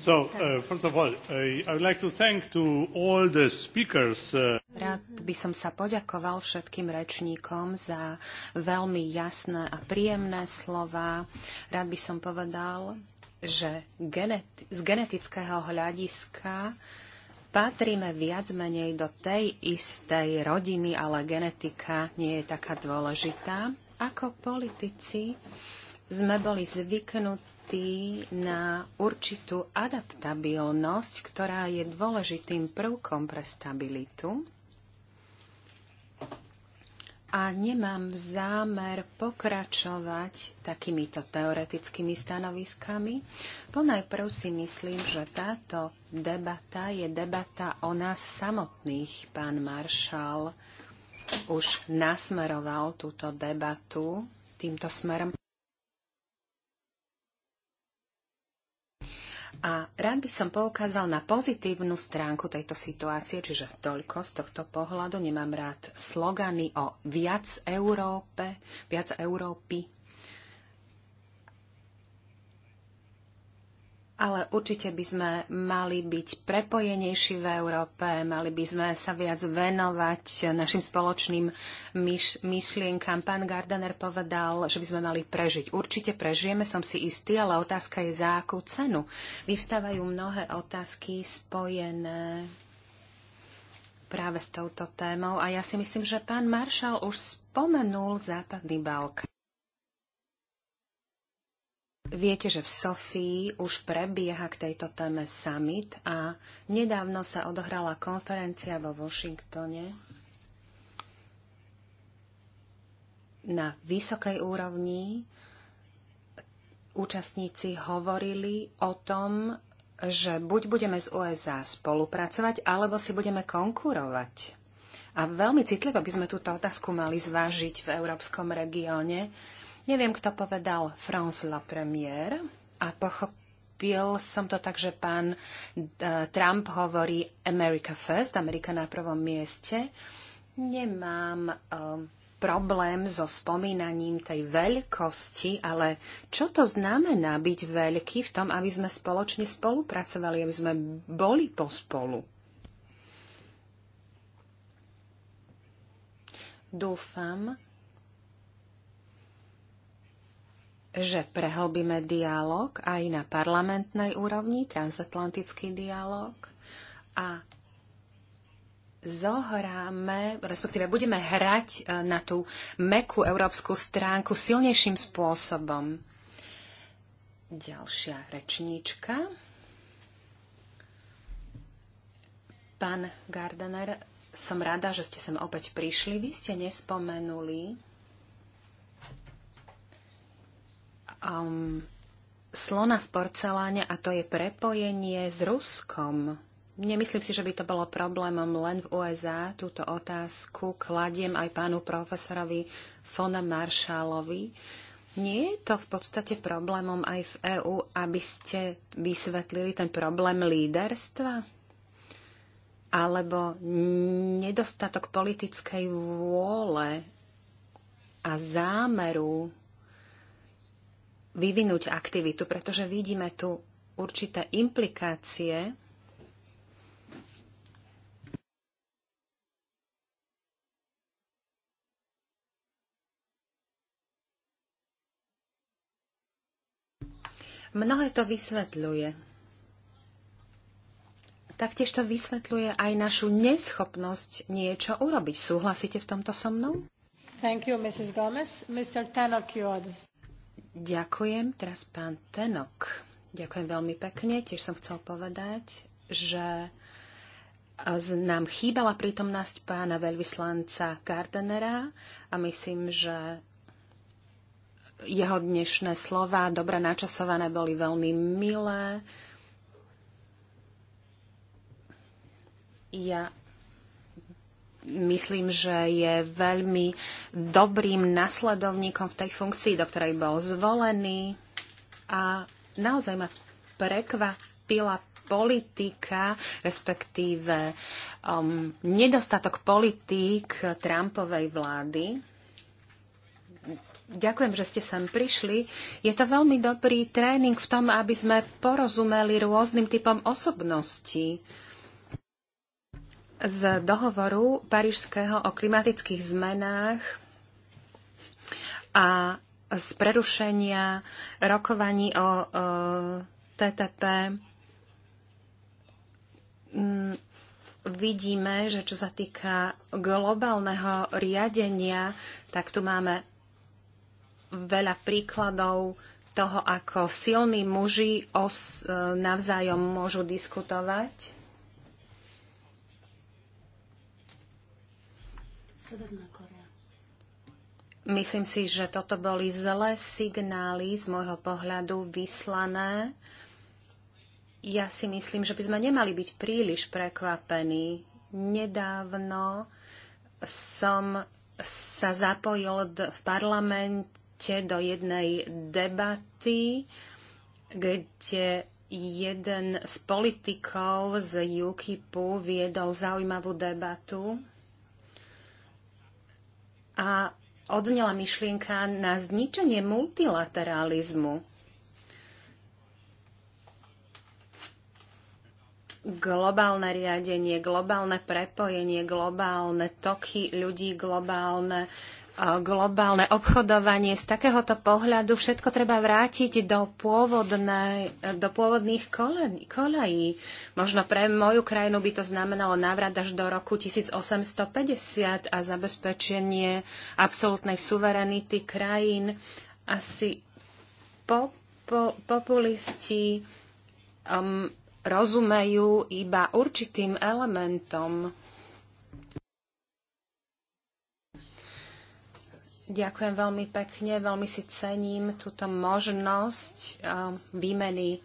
Speaker 3: So, uh, first of all, uh, I would like to thank to all the speakers. Uh... Rád by som sa poďakoval všetkým rečníkom za veľmi jasné a príjemné slova. Rád by som povedal, že z genetického hľadiska patríme viac menej do tej istej rodiny, ale genetika nie je taká dôležitá. Ako politici sme boli zvyknutí na určitú adaptabilnosť, ktorá je dôležitým prvkom pre stabilitu. A nemám zámer pokračovať takýmito teoretickými stanoviskami. Ponajprv si myslím, že táto debata je debata o nás samotných. Pán maršal už nasmeroval túto debatu týmto smerom. A rád by som poukázal na pozitívnu stránku tejto situácie, čiže toľko z tohto pohľadu. Nemám rád slogany o viac Európe, viac Európy, ale určite by sme mali byť prepojenejší v Európe, mali by sme sa viac venovať našim spoločným myš- myšlienkam. Pán Gardener povedal, že by sme mali prežiť. Určite prežijeme, som si istý, ale otázka je za akú cenu. Vyvstávajú mnohé otázky spojené práve s touto témou a ja si myslím, že pán Maršal už spomenul Západný Balkán. Viete, že v Sofii už prebieha k tejto téme summit a nedávno sa odohrala konferencia vo Washingtone na vysokej úrovni. Účastníci hovorili o tom, že buď budeme z USA spolupracovať, alebo si budeme konkurovať. A veľmi citlivo by sme túto otázku mali zvážiť v európskom regióne, Neviem, kto povedal France la première a pochopil som to tak, že pán e, Trump hovorí America first, Amerika na prvom mieste. Nemám um, problém so spomínaním tej veľkosti, ale čo to znamená byť veľký v tom, aby sme spoločne spolupracovali, aby sme boli pospolu? Dúfam, že prehlbíme dialog aj na parlamentnej úrovni, transatlantický dialog a zohráme, respektíve budeme hrať e, na tú mekú európsku stránku silnejším spôsobom. Ďalšia rečníčka. Pán Gardener, som rada, že ste sem opäť prišli. Vy ste nespomenuli um, slona v porceláne a to je prepojenie s Ruskom. Nemyslím si, že by to bolo problémom len v USA. Túto otázku kladiem aj pánu profesorovi Fona Marshallovi. Nie je to v podstate problémom aj v EÚ, aby ste vysvetlili ten problém líderstva? Alebo nedostatok politickej vôle a zámeru vyvinúť aktivitu, pretože vidíme tu určité implikácie Mnohé to vysvetľuje. Taktiež to vysvetľuje aj našu neschopnosť niečo urobiť. Súhlasíte v tomto so mnou? Thank you, Mrs. Gomez. Mr. Tanok, you Ďakujem. Teraz pán Tenok. Ďakujem veľmi pekne. Tiež som chcel povedať, že nám chýbala prítomnosť pána veľvyslanca Gardenera a myslím, že jeho dnešné slova, dobre načasované, boli veľmi milé. Ja myslím, že je veľmi dobrým nasledovníkom v tej funkcii, do ktorej bol zvolený. A naozaj ma prekvapila politika, respektíve um, nedostatok politík Trumpovej vlády. Ďakujem, že ste sem prišli. Je to veľmi dobrý tréning v tom, aby sme porozumeli rôznym typom osobností z dohovoru Parížského o klimatických zmenách a z prerušenia rokovaní o, o TTP mm, vidíme, že čo sa týka globálneho riadenia, tak tu máme veľa príkladov toho, ako silní muži os, e, navzájom môžu diskutovať.
Speaker 1: Severná Korea.
Speaker 3: Myslím si, že toto boli zlé signály z môjho pohľadu vyslané. Ja si myslím, že by sme nemali byť príliš prekvapení. Nedávno som sa zapojil v parlamente do jednej debaty, kde jeden z politikov z UKIPu viedol zaujímavú debatu a odznela myšlienka na zničenie multilateralizmu. Globálne riadenie, globálne prepojenie, globálne toky ľudí, globálne globálne obchodovanie. Z takéhoto pohľadu všetko treba vrátiť do, pôvodné, do pôvodných kolejí. Možno pre moju krajinu by to znamenalo návrat až do roku 1850 a zabezpečenie absolútnej suverenity krajín. Asi po, po, populisti um, rozumejú iba určitým elementom Ďakujem veľmi pekne, veľmi si cením túto možnosť eh, výmeny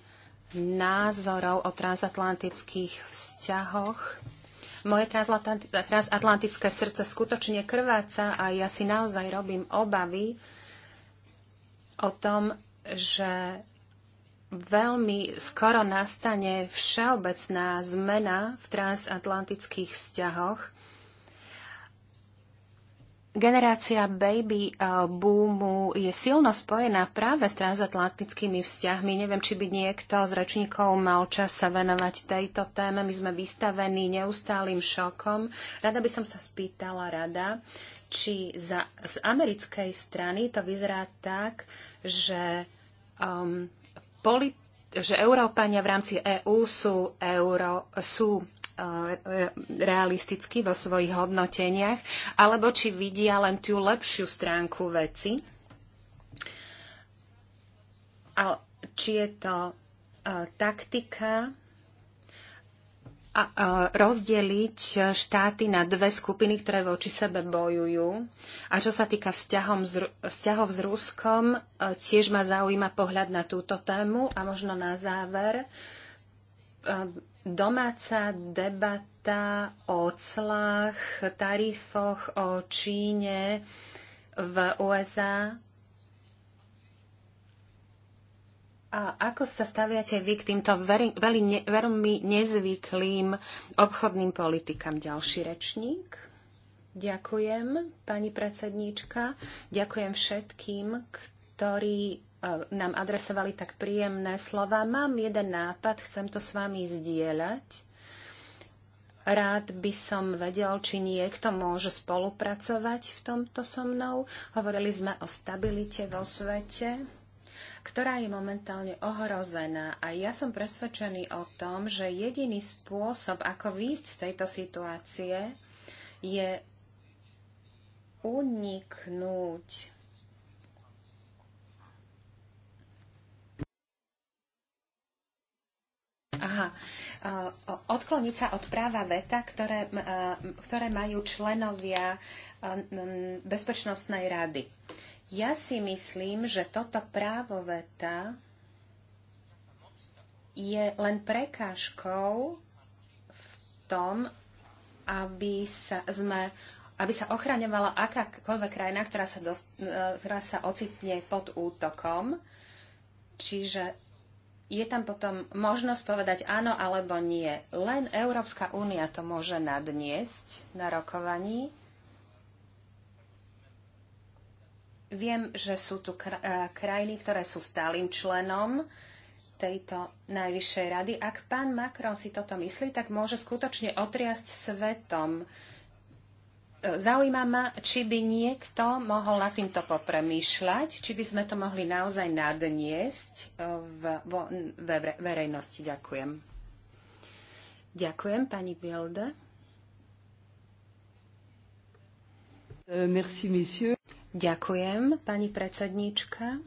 Speaker 3: názorov o transatlantických vzťahoch. Moje transatlantické srdce skutočne krváca a ja si naozaj robím obavy o tom, že veľmi skoro nastane všeobecná zmena v transatlantických vzťahoch Generácia baby eh, boomu je silno spojená práve s transatlantickými vzťahmi. Neviem, či by niekto z rečníkov mal čas sa venovať tejto téme. My sme vystavení neustálým šokom. Rada by som sa spýtala rada, či za, z americkej strany to vyzerá tak, že, um, polit, že Európania v rámci EÚ sú, euro, sú Eh, realisticky vo svojich hodnoteniach, alebo či vidia len tú lepšiu stránku veci. A či je to eh, taktika a, eh, rozdeliť štáty na dve skupiny, ktoré voči sebe bojujú. A čo sa týka vzťahov s Ruskom, tiež ma zaujíma pohľad na túto tému. A možno na záver domáca debata o clách, tarifoch, o Číne v USA. A ako sa staviate vy k týmto veri, veľmi, ne, veľmi nezvyklým obchodným politikám? Ďalší rečník. Ďakujem, pani predsedníčka. Ďakujem všetkým, ktorí E, nám adresovali tak príjemné slova. Mám jeden nápad, chcem to s vami zdieľať. Rád by som vedel, či niekto môže spolupracovať v tomto so mnou. Hovorili sme o stabilite vo svete, ktorá je momentálne ohrozená. A ja som presvedčený o tom, že jediný spôsob, ako výjsť z tejto situácie, je uniknúť Aha. E, odkloniť sa od práva veta, ktoré, e, ktoré majú členovia e, Bezpečnostnej rady. Ja si myslím, že toto právo veta je len prekážkou v tom, aby sa, sme, aby sa ochraňovala akákoľvek krajina, ktorá sa, dost, ktorá sa ocitne pod útokom. Čiže je tam potom možnosť povedať áno alebo nie. Len Európska únia to môže nadniesť na rokovaní. Viem, že sú tu e, krajiny, ktoré sú stálym členom tejto najvyššej rady. Ak pán Macron si toto myslí, tak môže skutočne otriasť svetom. Zaujíma ma, či by niekto mohol nad týmto popremýšľať, či by sme to mohli naozaj nadniesť e, v, vo, v verejnosti. Ďakujem. Ďakujem, pani Bielde. E, merci, monsieur. Ďakujem, pani predsedníčka.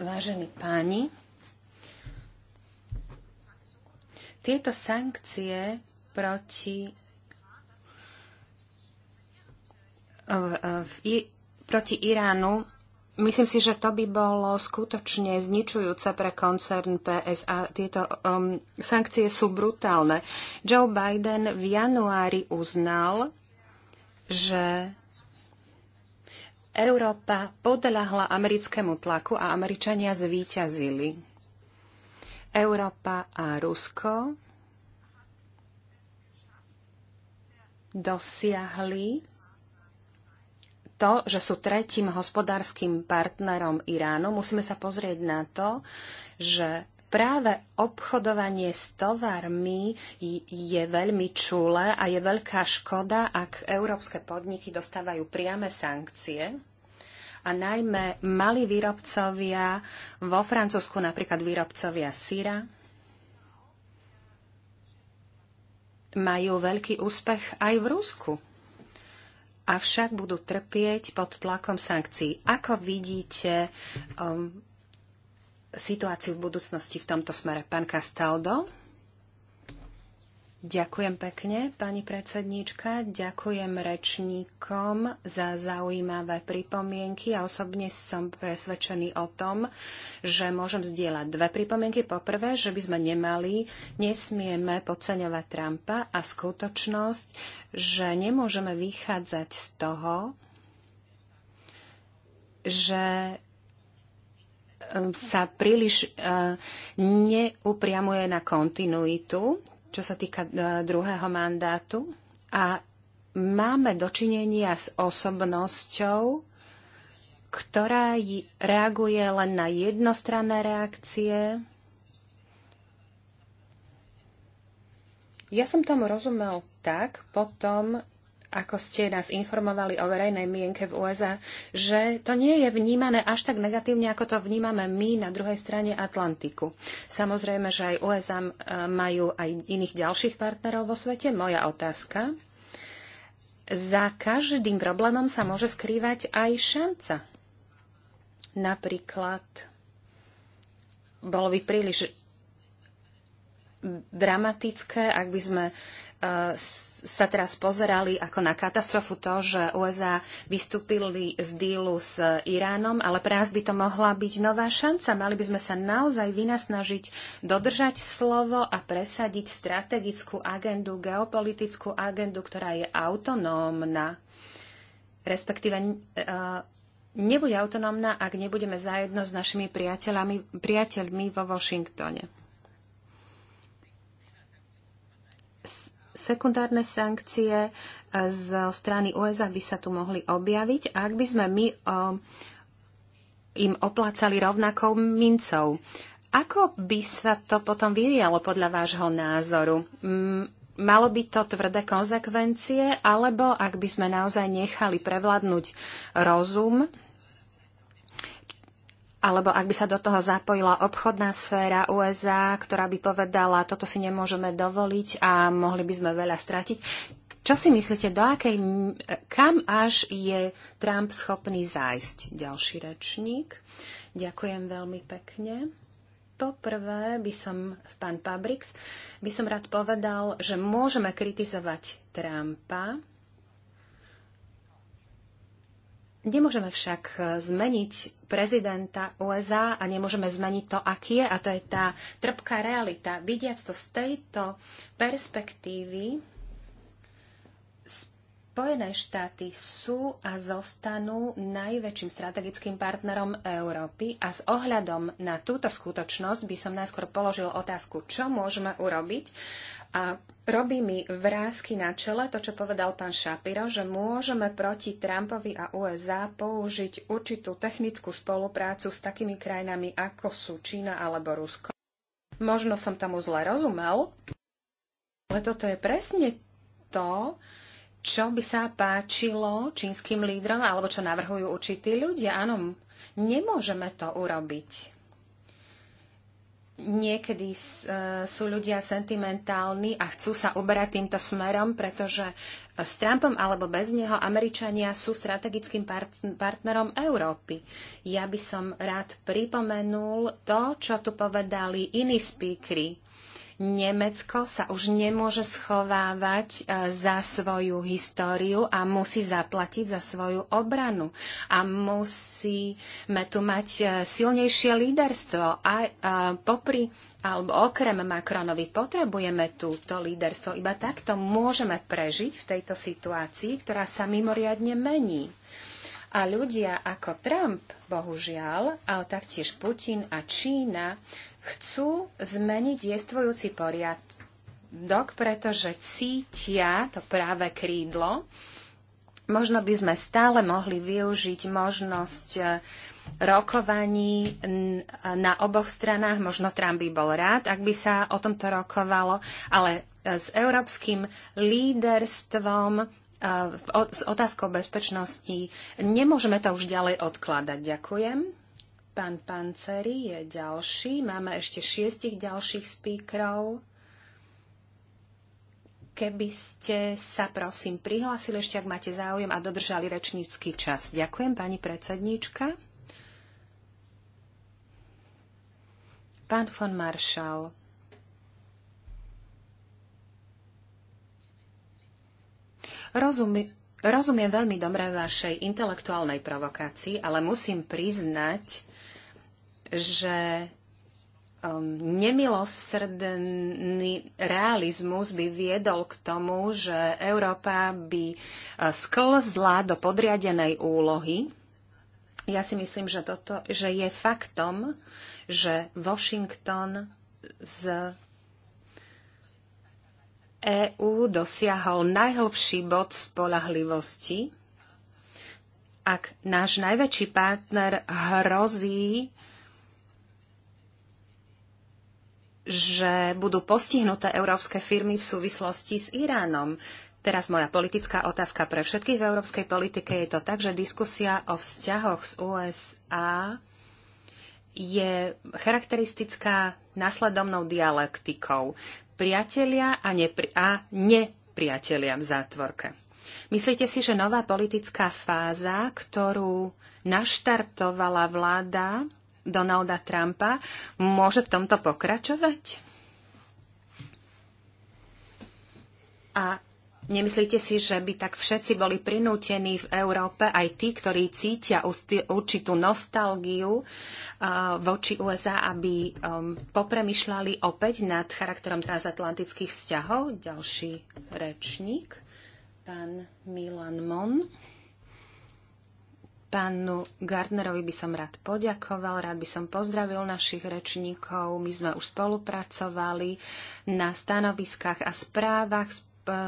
Speaker 3: Vážení páni, tieto sankcie proti v, I- proti Iránu, myslím si, že to by bolo skutočne zničujúce pre koncern PSA. Tieto um, sankcie sú brutálne. Joe Biden v januári uznal, že Európa podľahla americkému tlaku a Američania zvíťazili. Európa a Rusko dosiahli to, že sú tretím hospodárskym partnerom Iránu, musíme sa pozrieť na to, že práve obchodovanie s tovarmi je veľmi čulé a je veľká škoda, ak európske podniky dostávajú priame sankcie. A najmä mali výrobcovia vo Francúzsku, napríklad výrobcovia syra, majú veľký úspech aj v Rusku avšak budú trpieť pod tlakom sankcií. Ako vidíte um, situáciu v budúcnosti v tomto smere? Pán Castaldo? Ďakujem pekne, pani predsedníčka. Ďakujem rečníkom za zaujímavé pripomienky a ja osobne som presvedčený o tom, že môžem zdieľať dve pripomienky. Poprvé, že by sme nemali, nesmieme podceňovať Trumpa a skutočnosť, že nemôžeme vychádzať z toho, že um, sa príliš uh, neupriamuje na kontinuitu čo sa týka e, druhého mandátu. A máme dočinenia s osobnosťou, ktorá reaguje len na jednostranné reakcie. Ja som tomu rozumel tak potom, ako ste nás informovali o verejnej mienke v USA, že to nie je vnímané až tak negatívne, ako to vnímame my na druhej strane Atlantiku. Samozrejme, že aj USA majú aj iných ďalších partnerov vo svete. Moja otázka. Za každým problémom sa môže skrývať aj šanca. Napríklad bolo by príliš dramatické, ak by sme sa teraz pozerali ako na katastrofu to, že USA vystúpili z dílu s Iránom, ale pre nás by to mohla byť nová šanca. Mali by sme sa naozaj vynasnažiť dodržať slovo a presadiť strategickú agendu, geopolitickú agendu, ktorá je autonómna, respektíve e, nebude autonómna, ak nebudeme zajedno s našimi priateľmi vo Washingtone. sekundárne sankcie e, zo strany USA by sa tu mohli objaviť, ak by sme my e, im oplácali rovnakou mincov. Ako by sa to potom vyvíjalo podľa vášho názoru? Malo by to tvrdé konzekvencie, alebo ak by sme naozaj nechali prevladnúť rozum alebo ak by sa do toho zapojila obchodná sféra USA, ktorá by povedala, toto si nemôžeme dovoliť a mohli by sme veľa stratiť. Čo si myslíte, do akej, kam až je Trump schopný zájsť? Ďalší rečník. Ďakujem veľmi pekne. Poprvé by som, pán Pabrix, by som rád povedal, že môžeme kritizovať Trumpa, Nemôžeme však e, zmeniť prezidenta USA a nemôžeme zmeniť to, aký je. A to je tá trpká realita. Vidiac to z tejto perspektívy, Spojené štáty sú a zostanú najväčším strategickým partnerom Európy a s ohľadom na túto skutočnosť by som najskôr položil otázku, čo môžeme urobiť, a robí mi vrázky na čele to, čo povedal pán Šapiro, že môžeme proti Trumpovi a USA použiť určitú technickú spoluprácu s takými krajinami, ako sú Čína alebo Rusko. Možno som tomu zle rozumel, ale toto je presne to, čo by sa páčilo čínskym lídrom alebo čo navrhujú určití ľudia. Áno, nemôžeme to urobiť niekedy e, sú ľudia sentimentálni a chcú sa uberať týmto smerom, pretože s Trumpom alebo bez neho Američania sú strategickým partnerom Európy. Ja by som rád pripomenul to, čo tu povedali iní speakery Nemecko sa už nemôže schovávať e, za svoju históriu a musí zaplatiť za svoju obranu. A musíme tu mať e, silnejšie líderstvo. A e, popri alebo okrem Macronovi potrebujeme túto líderstvo. Iba takto môžeme prežiť v tejto situácii, ktorá sa mimoriadne mení. A ľudia ako Trump, bohužiaľ, ale taktiež Putin a Čína chcú zmeniť jestvojúci poriadok, pretože cítia to práve krídlo. Možno by sme stále mohli využiť možnosť eh, rokovaní na oboch stranách. Možno Trump by bol rád, ak by sa o tomto rokovalo, ale eh, s európskym líderstvom eh, s otázkou bezpečnosti nemôžeme to už ďalej odkladať. Ďakujem. Pán Panceri je ďalší. Máme ešte šiestich ďalších speakerov. Keby ste sa, prosím, prihlásili ešte, ak máte záujem a dodržali rečnícky čas. Ďakujem, pani predsedníčka. Pán von Maršal. Rozumiem, Rozumiem veľmi dobre vašej intelektuálnej provokácii, ale musím priznať, že um, nemilosrdný realizmus by viedol k tomu, že Európa by uh, sklzla do podriadenej úlohy. Ja si myslím, že, toto, že je faktom, že Washington z EÚ dosiahol najhlbší bod spolahlivosti, ak náš najväčší partner hrozí že budú postihnuté európske firmy v súvislosti s Iránom. Teraz moja politická otázka pre všetkých v európskej politike je to tak, že diskusia o vzťahoch z USA je charakteristická následovnou dialektikou priatelia a, nepri- a nepriatelia v zátvorke. Myslíte si, že nová politická fáza, ktorú naštartovala vláda Donalda Trumpa môže v tomto pokračovať? A nemyslíte si, že by tak všetci boli prinútení v Európe, aj tí, ktorí cítia určitú nostalgiu uh, voči USA, aby um, popremýšľali opäť nad charakterom transatlantických vzťahov? Ďalší rečník, pán Milan Mon. Pánu Gardnerovi by som rád poďakoval, rád by som pozdravil našich rečníkov. My sme už spolupracovali na stanoviskách a správach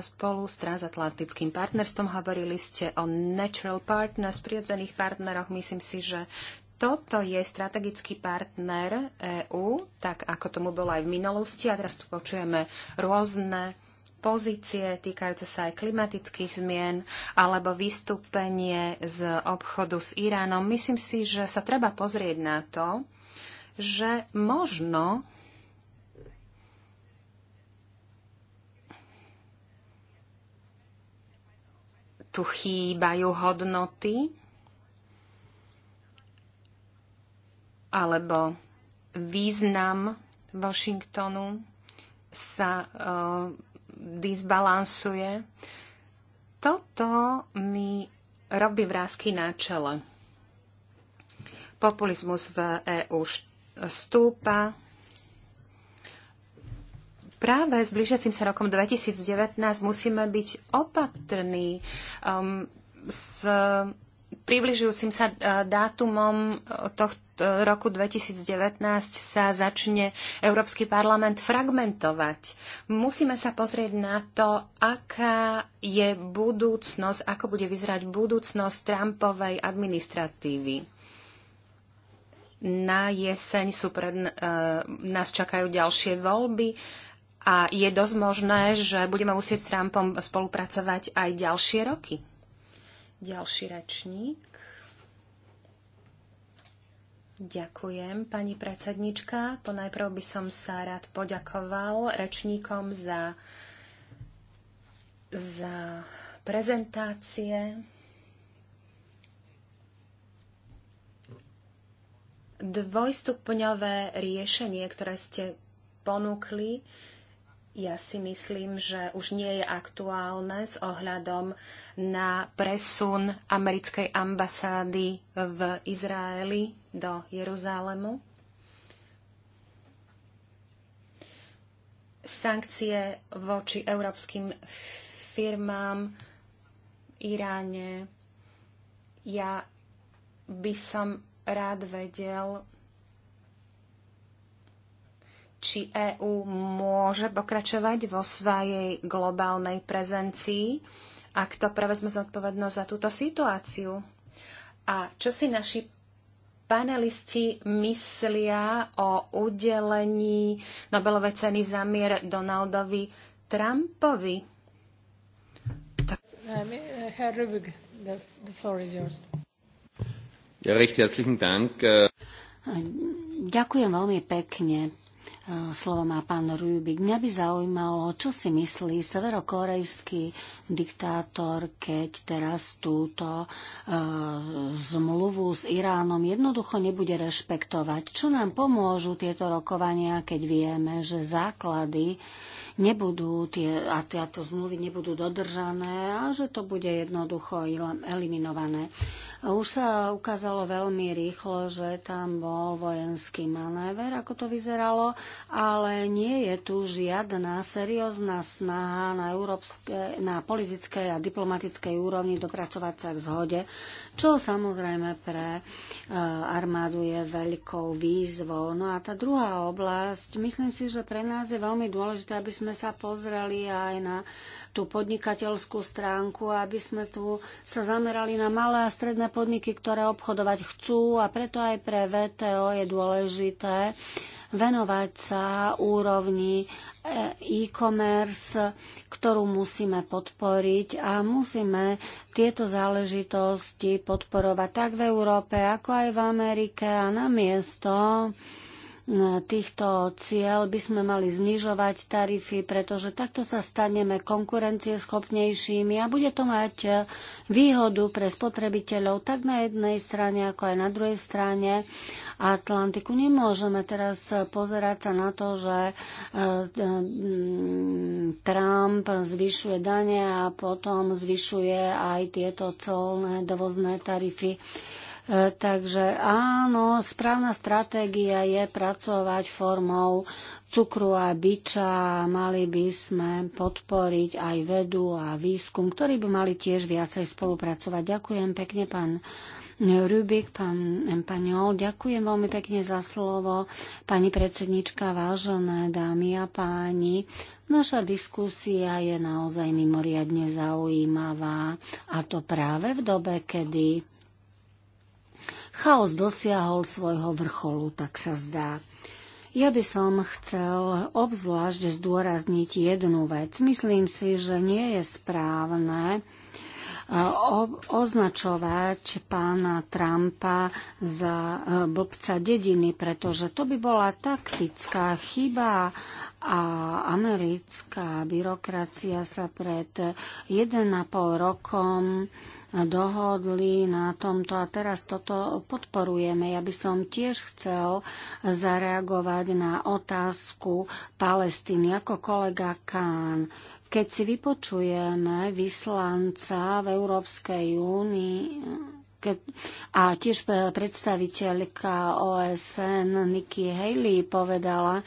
Speaker 3: spolu s transatlantickým partnerstvom. Hovorili ste o natural partners, prirodzených partneroch. Myslím si, že toto je strategický partner EÚ, tak ako tomu bolo aj v minulosti. A teraz tu počujeme rôzne pozície týkajúce sa aj klimatických zmien alebo vystúpenie z obchodu s Iránom. Myslím si, že sa treba pozrieť na to, že možno tu chýbajú hodnoty alebo význam Washingtonu sa uh, disbalansuje. Toto mi robí vrázky na čele. Populizmus v EU stúpa. Práve s blížiacim sa rokom 2019 musíme byť opatrní um, s približujúcim sa e, dátumom e, tohto e, roku 2019 sa začne Európsky parlament fragmentovať. Musíme sa pozrieť na to, aká je budúcnosť, ako bude vyzerať budúcnosť Trumpovej administratívy. Na jeseň sú pred, e, nás čakajú ďalšie voľby a je dosť možné, že budeme musieť s Trumpom spolupracovať aj ďalšie roky. Ďalší rečník. Ďakujem, pani predsednička. Ponajprv by som sa rád poďakoval rečníkom za, za prezentácie. Dvojstupňové riešenie, ktoré ste ponúkli, ja si myslím, že už nie je aktuálne s ohľadom na presun americkej ambasády v Izraeli do Jeruzálemu. Sankcie voči európskym firmám Iráne. Ja by som rád vedel, či EÚ môže pokračovať vo svojej globálnej prezencii, ak to prevezme zodpovednosť za túto situáciu. A čo si naši panelisti myslia o udelení Nobelovej ceny za mier Donaldovi Trumpovi?
Speaker 1: Ja, recht herzlichen Dank. Äh, Ďakujem veľmi pekne. Eh, slovo má pán Rubik. Mňa by zaujímalo, čo si myslí severokorejský diktátor, keď teraz túto e, zmluvu s Iránom jednoducho nebude rešpektovať. Čo nám pomôžu tieto rokovania, keď vieme, že základy nebudú tie, a tieto zmluvy nebudú dodržané a že to bude jednoducho eliminované. Už sa ukázalo veľmi rýchlo, že tam bol vojenský manéver, ako to vyzeralo, ale nie je tu žiadna seriózna snaha na, európske, na politickej a diplomatickej úrovni dopracovať sa k zhode, čo samozrejme pre e, armádu je veľkou výzvou. No a tá druhá oblasť, myslím si, že pre nás je veľmi dôležité, aby sme sme sa pozreli aj na tú podnikateľskú stránku, aby sme tu sa zamerali na malé a stredné podniky, ktoré obchodovať chcú a preto aj pre VTO je dôležité venovať sa úrovni eh, e-commerce, ktorú musíme podporiť a musíme tieto záležitosti podporovať tak v Európe, ako aj v Amerike a na miesto týchto cieľ by sme mali znižovať tarify, pretože takto sa staneme konkurencieschopnejšími a bude to mať e, výhodu pre spotrebiteľov tak na jednej strane, ako aj na druhej strane Atlantiku. Nemôžeme teraz pozerať sa na to, že e, Trump zvyšuje dane a potom zvyšuje aj tieto colné dovozné tarify. E, takže áno, správna stratégia je pracovať formou cukru a biča. Mali by sme podporiť aj vedu a výskum, ktorí by mali tiež viacej spolupracovať. Ďakujem pekne, pán Rubik, pán Paňol, ďakujem veľmi pekne za slovo. Pani predsednička, vážené dámy a páni, naša diskusia je naozaj mimoriadne zaujímavá a to práve v dobe, kedy chaos dosiahol svojho vrcholu, tak sa zdá. Ja by som chcel obzvlášť zdôrazniť jednu vec. Myslím si, že nie je správne označovať pána Trumpa za e, blbca dediny, pretože to by bola taktická chyba a americká byrokracia sa pred 1,5 rokom dohodli na tomto a teraz toto podporujeme. Ja by som tiež chcel zareagovať na otázku Palestíny ako kolega Kán keď si vypočujeme vyslanca v Európskej únii a tiež predstaviteľka OSN Nikki Haley povedala,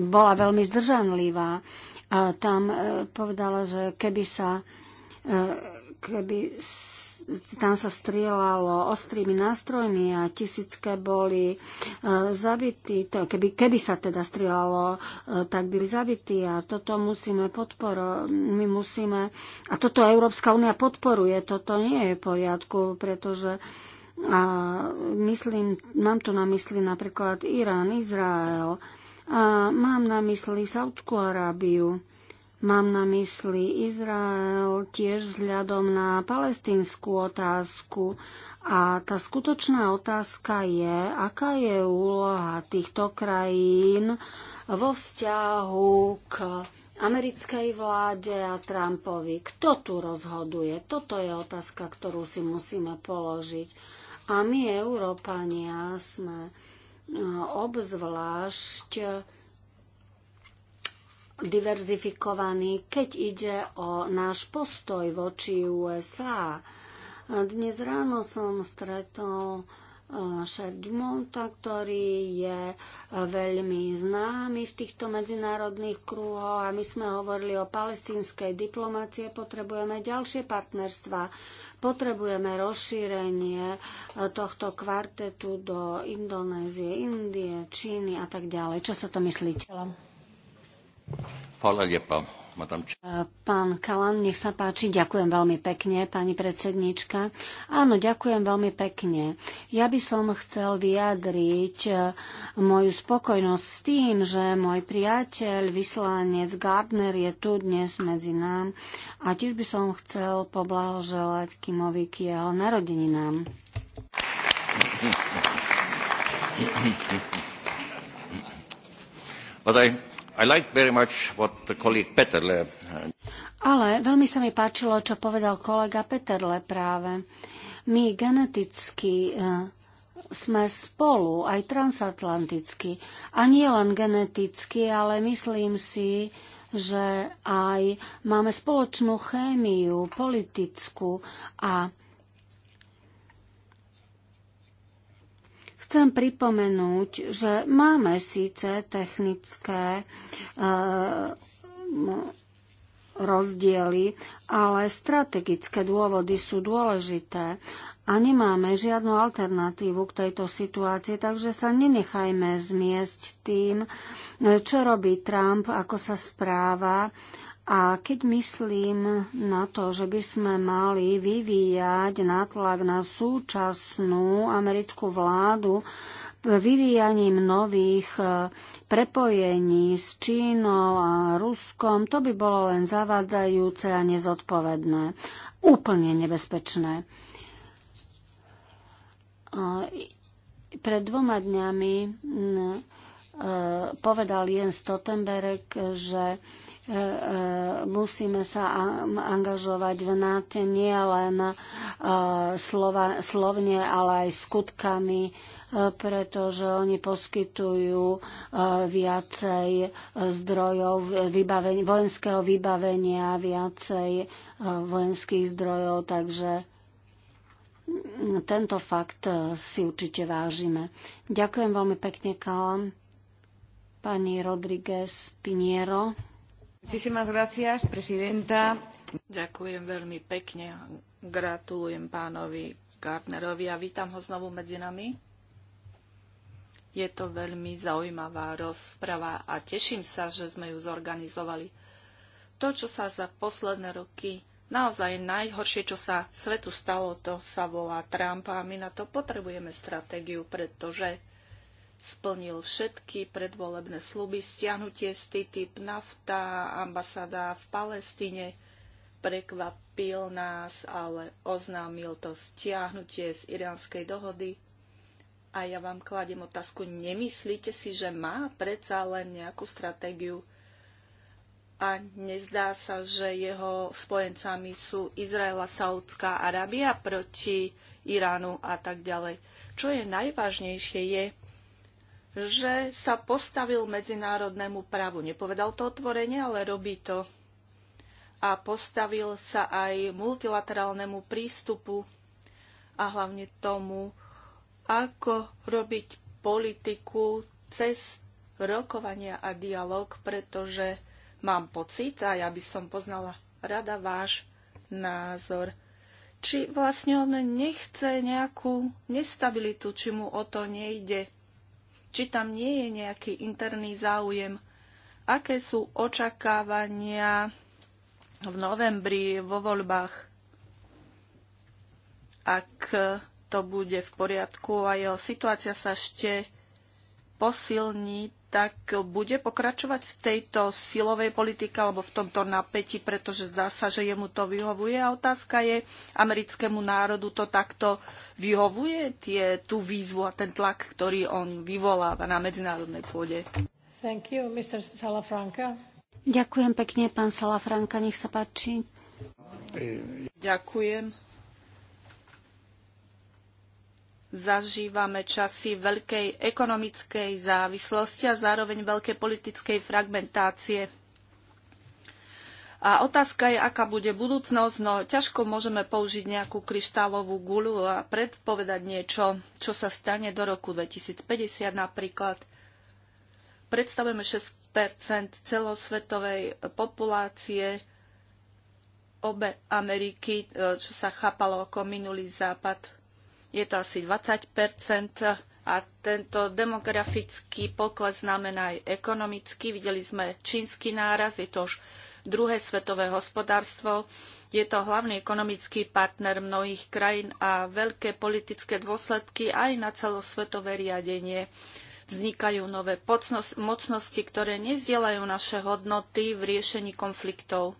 Speaker 1: bola veľmi zdržanlivá. A tam eh, povedala, že keby sa eh, keby tam sa strieľalo ostrými nástrojmi a tisícké boli e, zabití. To, keby, keby sa teda strieľalo, e, tak byli zabití a toto musíme podporovať. My musíme, a toto Európska únia podporuje, toto nie je v poriadku, pretože a myslím, mám tu na mysli napríklad Irán, Izrael, a mám na mysli Saudskú Arábiu Mám na mysli Izrael tiež vzhľadom na palestinskú otázku a tá skutočná otázka je, aká je úloha týchto krajín vo vzťahu k americkej vláde a Trumpovi. Kto tu rozhoduje? Toto je otázka, ktorú si musíme položiť. A my, Európania, sme no, obzvlášť diverzifikovaný, keď ide o náš postoj voči USA. Dnes ráno som stretol e, šéf ktorý je e, veľmi známy v týchto medzinárodných krúhoch a my sme hovorili o palestínskej diplomácie, potrebujeme ďalšie partnerstva, potrebujeme rozšírenie e, tohto kvartetu do Indonézie, Indie, Číny a tak ďalej. Čo sa to myslíte? Pán Kalan, nech sa páči, ďakujem veľmi pekne, pani predsednička. Áno, ďakujem veľmi pekne. Ja by som chcel vyjadriť e, moju spokojnosť s tým, že môj priateľ, vyslanec Gardner je tu dnes medzi nám a tiež by som chcel poblahoželať Kimovi k jeho narodeninám.
Speaker 3: But I ale
Speaker 1: veľmi sa mi páčilo, čo povedal kolega Peterle práve. My geneticky e, sme spolu, aj transatlanticky. A nie len geneticky, ale myslím si, že aj máme spoločnú chémiu politickú a Chcem pripomenúť, že máme síce technické eh, rozdiely, ale strategické dôvody sú dôležité a nemáme žiadnu alternatívu k tejto situácii, takže sa nenechajme zmiesť tým, eh, čo robí Trump, ako sa správa a keď myslím na to, že by sme mali vyvíjať nátlak na súčasnú americkú vládu vyvíjaním nových e, prepojení s Čínou a Ruskom, to by bolo len zavádzajúce a nezodpovedné. Úplne nebezpečné. E, pred dvoma dňami Eh, povedal Jens Stottenberg, že eh, eh, musíme sa angažovať v NATO nielen slovne, ale aj skutkami, pretože oni poskytujú viacej zdrojov vybavenia, vojenského vybavenia, viacej vojenských zdrojov, takže tento fakt si určite vážime. Ďakujem veľmi pekne, Kalan. Pani Rodríguez Piniero. Muchísimas gracias, presidenta.
Speaker 2: Ďakujem veľmi pekne. Gratulujem pánovi Gardnerovi a vítam ho znovu medzi nami. Je to veľmi zaujímavá rozprava a teším sa, že sme ju zorganizovali. To, čo sa za posledné roky naozaj najhoršie, čo sa svetu stalo, to sa volá Trump a my na to potrebujeme stratégiu, pretože splnil všetky predvolebné sluby, stiahnutie z TTIP, nafta, ambasáda v Palestíne. Prekvapil nás, ale oznámil to stiahnutie z iránskej dohody. A ja vám kladem otázku, nemyslíte si, že má predsa len nejakú stratégiu a nezdá sa, že jeho spojencami sú Izraela, Saudská Arábia proti Iránu a tak ďalej. Čo je najvážnejšie je, že sa postavil medzinárodnému právu. Nepovedal to otvorenie, ale robí to. A postavil sa aj multilaterálnemu prístupu a hlavne tomu, ako robiť politiku cez rokovania a dialog, pretože mám pocit, a ja by som poznala rada váš názor, či vlastne on nechce nejakú nestabilitu, či mu o to nejde či tam nie je nejaký interný záujem. Aké sú očakávania v novembri vo voľbách? Ak to bude v poriadku a jeho situácia sa ešte posilní, tak bude pokračovať v tejto silovej politike alebo v tomto napätí, pretože zdá sa, že jemu to vyhovuje. A otázka je, americkému národu to takto vyhovuje, tie, tú výzvu a ten tlak, ktorý on vyvoláva na medzinárodnej pôde.
Speaker 1: Thank you, Mr. Salafranca. Ďakujem pekne, pán Salafranca, nech sa páči. Ďakujem. Zažívame časy veľkej
Speaker 2: ekonomickej závislosti a zároveň veľkej politickej fragmentácie. A otázka je, aká bude budúcnosť. No, ťažko môžeme použiť nejakú kryštálovú guľu a predpovedať niečo, čo sa stane do roku 2050 napríklad. Predstavujeme 6 celosvetovej populácie obe Ameriky, čo sa chápalo ako minulý západ je to asi 20 a tento demografický pokles znamená aj ekonomický. Videli sme čínsky náraz, je to už druhé svetové hospodárstvo. Je to hlavný ekonomický partner mnohých krajín a veľké politické dôsledky aj na celosvetové riadenie. Vznikajú nové mocnosti, ktoré nezdielajú naše hodnoty v riešení konfliktov.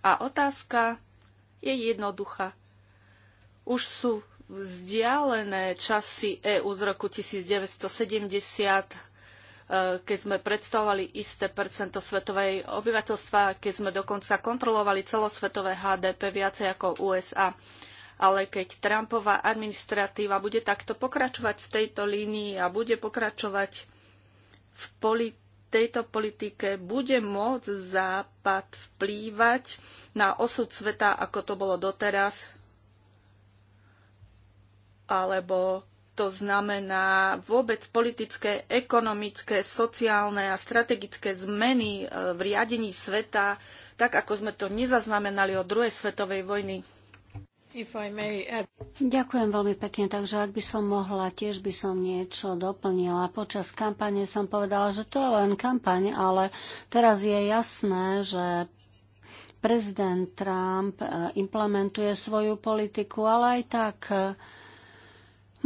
Speaker 2: A otázka je jednoduchá. Už sú vzdialené časy EÚ z roku 1970, e, keď sme predstavovali isté percento svetovej obyvateľstva, keď sme dokonca kontrolovali celosvetové HDP viacej ako USA. Ale keď Trumpová administratíva bude takto pokračovať v tejto línii a bude pokračovať v tejto politike bude môcť Západ vplývať na osud sveta, ako to bolo doteraz, alebo to znamená vôbec politické, ekonomické, sociálne a strategické zmeny e, v riadení sveta, tak ako sme to nezaznamenali od druhej svetovej vojny. Add...
Speaker 1: Ďakujem veľmi pekne, takže ak by som mohla, tiež by som niečo doplnila. Počas kampane som povedala, že to je len kampaň, ale teraz je jasné, že prezident Trump e, implementuje svoju politiku, ale aj tak e,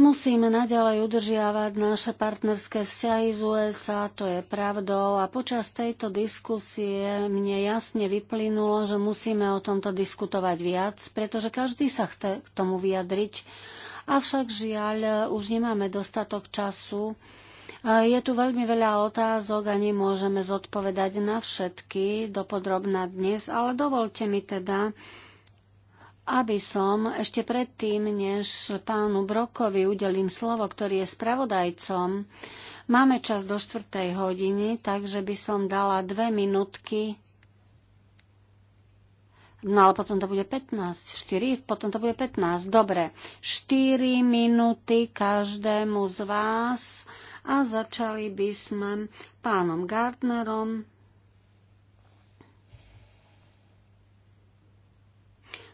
Speaker 1: Musíme naďalej udržiavať naše partnerské vzťahy z USA, to je pravdou. A počas tejto diskusie mne jasne vyplynulo, že musíme o tomto diskutovať viac, pretože každý sa chce k tomu vyjadriť. Avšak žiaľ, už nemáme dostatok času. Je tu veľmi veľa otázok a nemôžeme zodpovedať na všetky dopodrobná dnes, ale dovolte mi teda aby som ešte predtým, než pánu Brokovi udelím slovo, ktorý je spravodajcom, máme čas do 4. hodiny, takže by som dala dve minútky. No ale potom to bude 15, 4, potom to bude 15. Dobre, 4 minúty každému z vás a začali by sme pánom Gardnerom,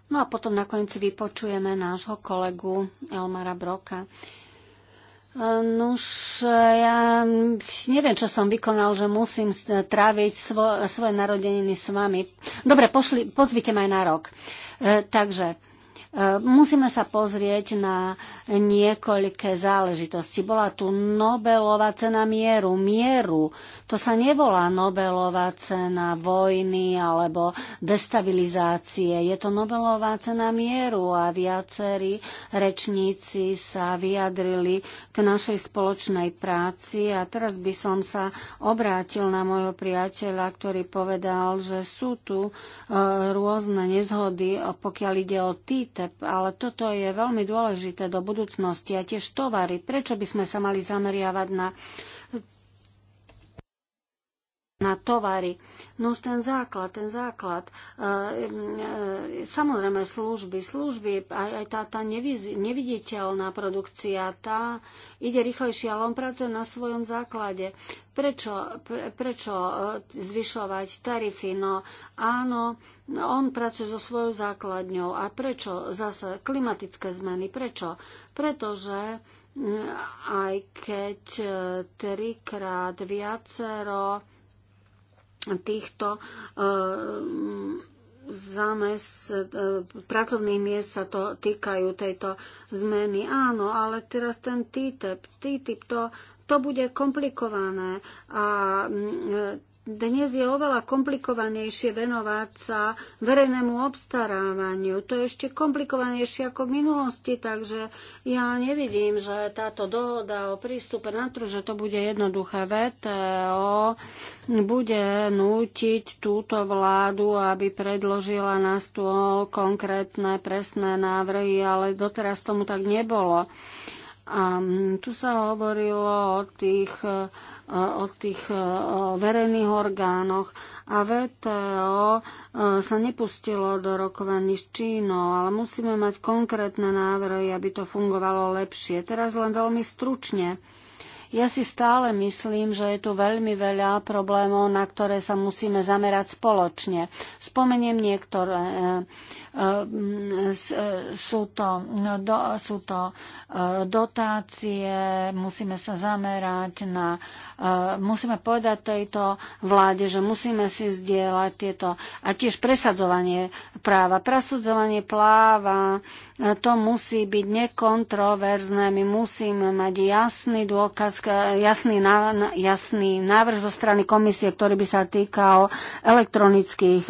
Speaker 1: No a potom nakoniec vypočujeme nášho kolegu Elmara Broka. E, už e, ja neviem, čo som vykonal, že musím tráviť svo, svoje narodeniny s vami. Dobre, pošli, pozvite ma aj na rok. E, takže, Eh, musíme sa pozrieť na niekoľké záležitosti. Bola tu Nobelová cena mieru. Mieru. To sa nevolá Nobelová cena vojny alebo destabilizácie. Je to Nobelová cena mieru a viacerí rečníci sa vyjadrili k našej spoločnej práci. A teraz by som sa obrátil na môjho priateľa, ktorý povedal, že sú tu eh, rôzne nezhody, pokiaľ ide o týter ale toto je veľmi dôležité do budúcnosti a tiež tovary. Prečo by sme sa mali zameriavať na na tovary. No už ten základ, ten základ, e, e, samozrejme služby, služby, aj, aj tá, tá neviz, neviditeľná produkcia, tá ide rýchlejšie, ale on pracuje na svojom základe. Prečo, pre, prečo e, zvyšovať tarify? No áno, on pracuje so svojou základňou. A prečo zase klimatické zmeny? Prečo? Pretože mm, aj keď e, trikrát viacero týchto eh, zamest, eh, pracovných miest sa to týkajú tejto zmeny. Áno, ale teraz ten TTIP, TTIP to, to bude komplikované a mm, eh, dnes je oveľa komplikovanejšie venovať sa verejnému obstarávaniu. To je ešte komplikovanejšie ako v minulosti, takže ja nevidím, že táto dohoda o prístupe na trh, že to bude jednoduché VTO, bude nútiť túto vládu, aby predložila na stôl konkrétne presné návrhy, ale doteraz tomu tak nebolo. A tu sa hovorilo o tých E, o tých e, verejných orgánoch a VTO e, sa nepustilo do rokovaní s Čínou, ale musíme mať konkrétne návrhy, aby to fungovalo lepšie. Teraz len veľmi stručne. Ja si stále myslím, že je tu veľmi veľa problémov, na ktoré sa musíme zamerať spoločne. Spomeniem niektoré Ehm, e, sú to, no, do, sú to e, dotácie, musíme sa zamerať na, e, musíme povedať tejto vláde, že musíme si zdieľať tieto a tiež presadzovanie práva. Presadzovanie práva, to musí byť nekontroverzné, my musíme mať jasný dôkaz, jasný, jasný návrh zo strany komisie, ktorý by sa týkal elektronických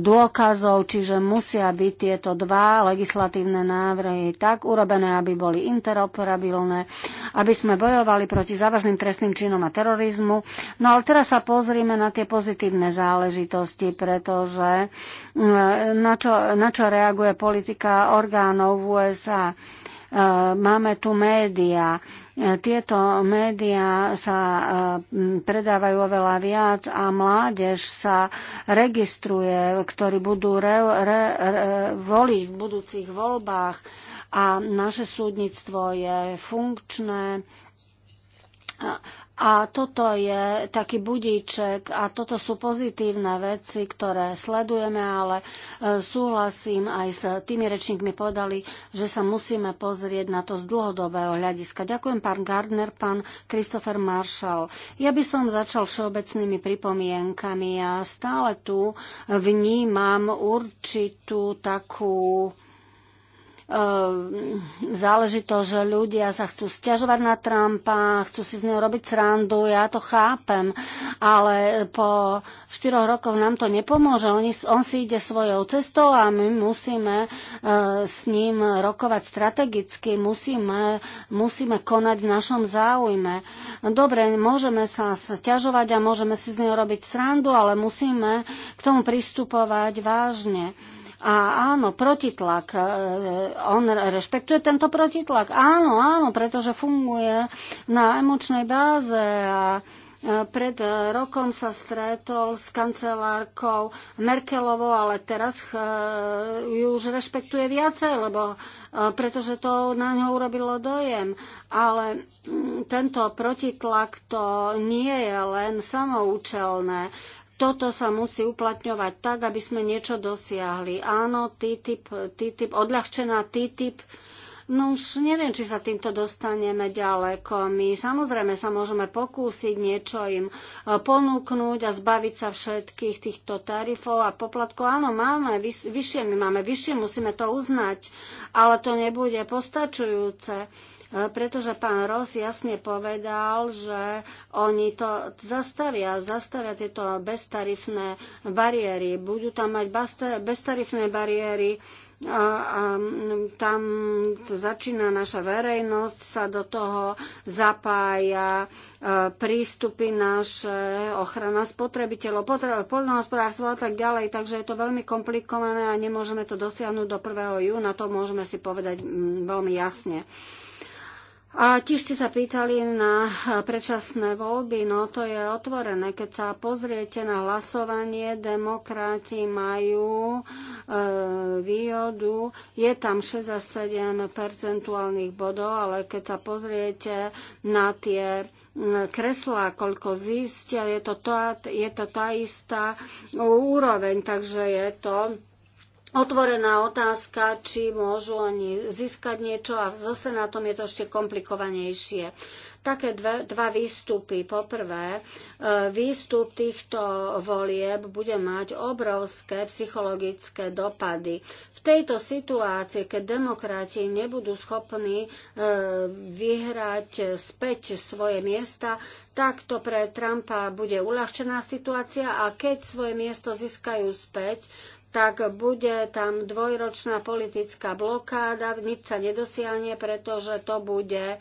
Speaker 1: dôkazov, čiže musí musia byť tieto dva legislatívne návrhy tak urobené, aby boli interoperabilné, aby sme bojovali proti závažným trestným činom a terorizmu. No ale teraz sa pozrime na tie pozitívne záležitosti, pretože mm, na čo, na čo reaguje politika orgánov v USA. E, máme tu médiá, tieto médiá sa eh, predávajú oveľa viac a mládež sa registruje, ktorí budú re, re, re, voliť v budúcich voľbách a naše súdnictvo je funkčné a toto je taký budíček a toto sú pozitívne veci, ktoré sledujeme, ale e, súhlasím aj s tými rečníkmi povedali, že sa musíme pozrieť na to z dlhodobého hľadiska. Ďakujem pán Gardner, pán Christopher Marshall. Ja by som začal všeobecnými pripomienkami. Ja stále tu vnímam určitú takú Ehm, záležitosť, že ľudia sa chcú stiažovať na Trumpa, chcú si z neho robiť srandu, ja to chápem, ale po štyroch rokoch nám to nepomôže. On, on si ide svojou cestou a my musíme e, s ním rokovať strategicky, musíme, musíme konať v našom záujme. Dobre, môžeme sa stiažovať a môžeme si z neho robiť srandu, ale musíme k tomu pristupovať vážne. A áno, protitlak, e, on rešpektuje tento protitlak. Áno, áno, pretože funguje na emočnej báze a e, pred e, rokom sa stretol s kancelárkou Merkelovou, ale teraz ju už rešpektuje viacej, lebo pretože to na ňo urobilo dojem. Ale mm, tento protitlak to nie je len samoučelné toto sa musí uplatňovať tak, aby sme niečo dosiahli. Áno, TTIP, TTIP odľahčená TTIP, no už neviem, či sa týmto dostaneme ďaleko. My samozrejme sa môžeme pokúsiť niečo im e, ponúknuť a zbaviť sa všetkých týchto tarifov a poplatkov. Áno, máme vyššie, my máme vyššie, musíme to uznať, ale to nebude postačujúce E, pretože pán Ross jasne povedal, že oni to zastavia, zastavia tieto beztarifné bariéry. Budú tam mať beztarifné bariéry e, a, a tam začína naša verejnosť, sa do toho zapája e, prístupy naše, ochrana spotrebiteľov, poľnohospodárstvo a tak ďalej. Takže je to veľmi komplikované a nemôžeme to dosiahnuť do 1. júna, to môžeme si povedať veľmi jasne. A tiež ste sa pýtali na predčasné voľby, no to je otvorené. Keď sa pozriete na hlasovanie, demokrati majú e, výhodu, je tam 6 a 7 percentuálnych bodov, ale keď sa pozriete na tie kreslá, koľko zistia, je to, to, je to tá istá úroveň, takže je to otvorená otázka, či môžu oni získať niečo a zase na tom je to ešte komplikovanejšie. Také dve, dva výstupy. Poprvé, e, výstup týchto volieb bude mať obrovské psychologické dopady. V tejto situácii, keď demokrati nebudú schopní e, vyhrať späť svoje miesta, tak to pre Trumpa bude uľahčená situácia a keď svoje miesto získajú späť, tak bude tam dvojročná politická blokáda, nič sa nedosiahne, pretože to bude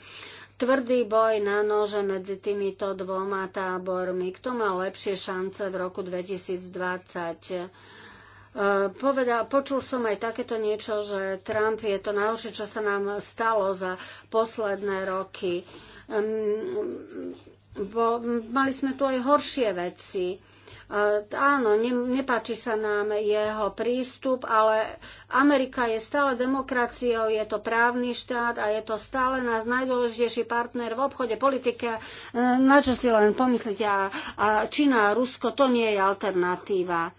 Speaker 1: tvrdý boj na nože medzi týmito dvoma tábormi. Kto má lepšie šance v roku 2020? E, Povedal, počul som aj takéto niečo, že Trump je to najhoršie, čo sa nám stalo za posledné roky. Bo mali sme tu aj horšie veci E, áno, ne, nepáči sa nám jeho prístup, ale Amerika je stále demokraciou, je to právny štát a je to stále nás najdôležitejší partner v obchode, politike. E, na čo si len pomyslíte, a, a Čína a Rusko to nie je alternatíva. E,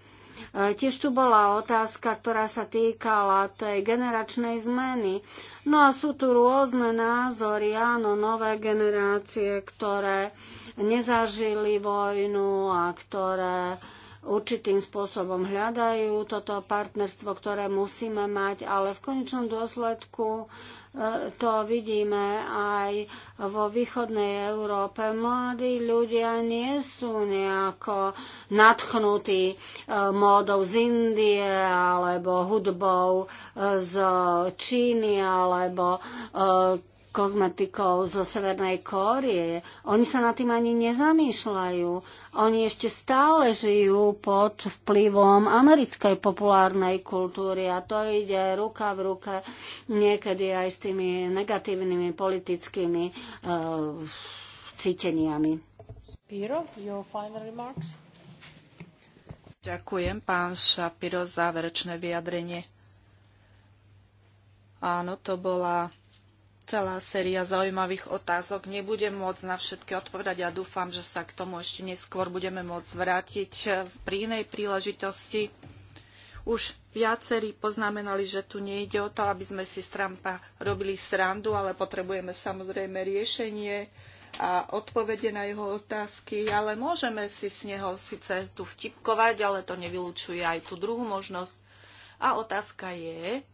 Speaker 1: tiež tu bola otázka, ktorá sa týkala tej generačnej zmeny. No a sú tu rôzne názory, áno, nové generácie, ktoré uh, nezažili vojnu a ktoré určitým spôsobom hľadajú toto partnerstvo, ktoré musíme mať, ale v konečnom dôsledku e, to vidíme aj vo východnej Európe. Mladí ľudia nie sú nejako nadchnutí e, módou z Indie alebo hudbou e, z Číny alebo kozmetikov zo Severnej Kórie. Oni sa na tým ani nezamýšľajú. Oni ešte stále žijú pod vplyvom americkej populárnej kultúry a to ide ruka v ruke niekedy aj s tými negatívnymi politickými uh, cíteniami.
Speaker 3: Piro, your final remarks?
Speaker 2: Ďakujem, pán Šapiro, záverečné vyjadrenie. Áno, to bola celá séria zaujímavých otázok. Nebudem môcť na všetky odpovedať a ja dúfam, že sa k tomu ešte neskôr budeme môcť vrátiť eh, pri inej príležitosti. Už viacerí poznamenali, že tu nejde o to, aby sme si z Trumpa robili srandu, ale potrebujeme samozrejme riešenie a odpovede na jeho otázky, ale môžeme si s neho síce tu vtipkovať, ale to nevylučuje aj tú druhú možnosť. A otázka je,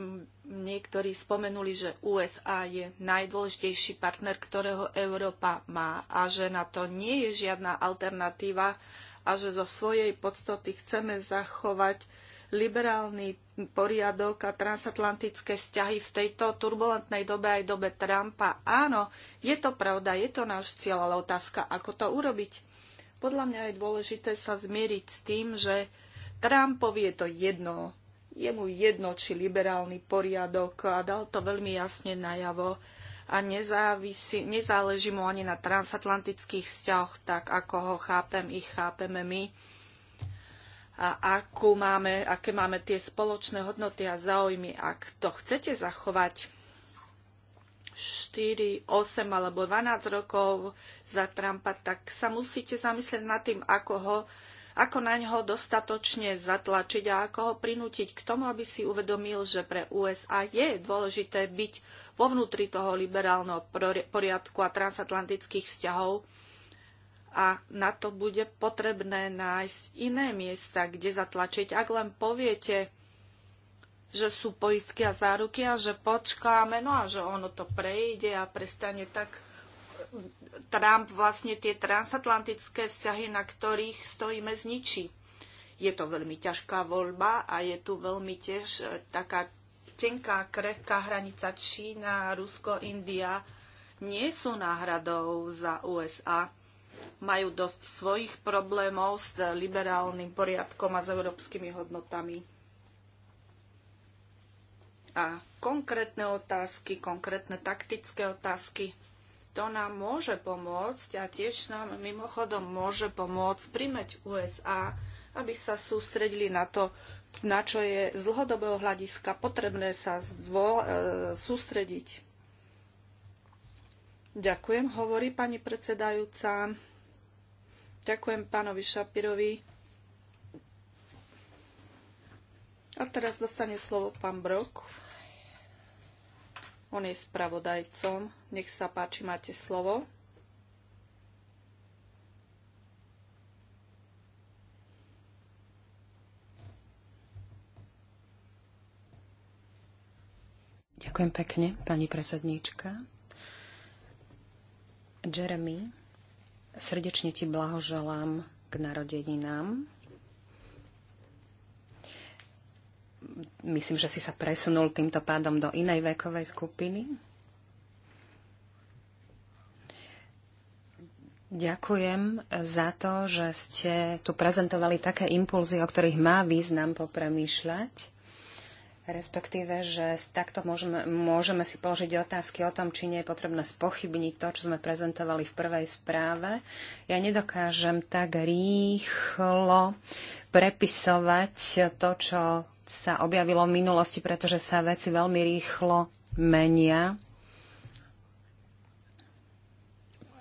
Speaker 2: mm, niektorí spomenuli, že USA je najdôležitejší partner, ktorého Európa má a že na to nie je žiadna alternatíva a že zo svojej podstaty chceme zachovať liberálny poriadok a transatlantické vzťahy v tejto turbulentnej dobe aj dobe Trumpa. Áno, je to pravda, je to náš cieľ, ale otázka, ako to urobiť. Podľa mňa je dôležité sa zmieriť s tým, že Trumpovi je to jedno, je mu jedno, či liberálny poriadok a dal to veľmi jasne najavo a nezávisí, nezáleží mu ani na transatlantických vzťahoch, tak ako ho chápem, ich chápeme my a akú máme, aké máme tie spoločné hodnoty a záujmy. Ak to chcete zachovať 4, 8 alebo 12 rokov za Trumpa, tak sa musíte zamyslieť nad tým, ako ho ako na ňo dostatočne zatlačiť a ako ho prinútiť k tomu, aby si uvedomil, že pre USA je dôležité byť vo vnútri toho liberálneho poriadku a transatlantických vzťahov a na to bude potrebné nájsť iné miesta, kde zatlačiť. Ak len poviete, že sú poistky a záruky a že počkáme, no a že ono to prejde a prestane tak Trump vlastne tie transatlantické vzťahy, na ktorých stojíme, zničí. Je to veľmi ťažká voľba a je tu veľmi tiež e, taká tenká, krehká hranica Čína, Rusko, India nie sú náhradou za USA. Majú dosť svojich problémov s liberálnym poriadkom a s európskymi hodnotami. A konkrétne otázky, konkrétne taktické otázky. To nám môže pomôcť a tiež nám mimochodom môže pomôcť primeť USA, aby sa sústredili na to, na čo je z dlhodobého hľadiska potrebné sa zdvo, e, sústrediť. Ďakujem, hovorí pani predsedajúca. Ďakujem pánovi Šapirovi. A teraz dostane slovo pán Brok. On je spravodajcom. Nech sa páči, máte slovo.
Speaker 3: Ďakujem pekne, pani predsedníčka. Jeremy, srdečne ti blahoželám k narodeninám. myslím, že si sa presunul týmto pádom do inej vekovej skupiny. Ďakujem za to, že ste tu prezentovali také impulzy, o ktorých má význam popremýšľať. Respektíve, že takto môžeme, môžeme si položiť otázky o tom, či nie je potrebné spochybniť to, čo sme prezentovali v prvej správe. Ja nedokážem tak rýchlo prepisovať to, čo sa objavilo v minulosti, pretože sa veci veľmi rýchlo menia.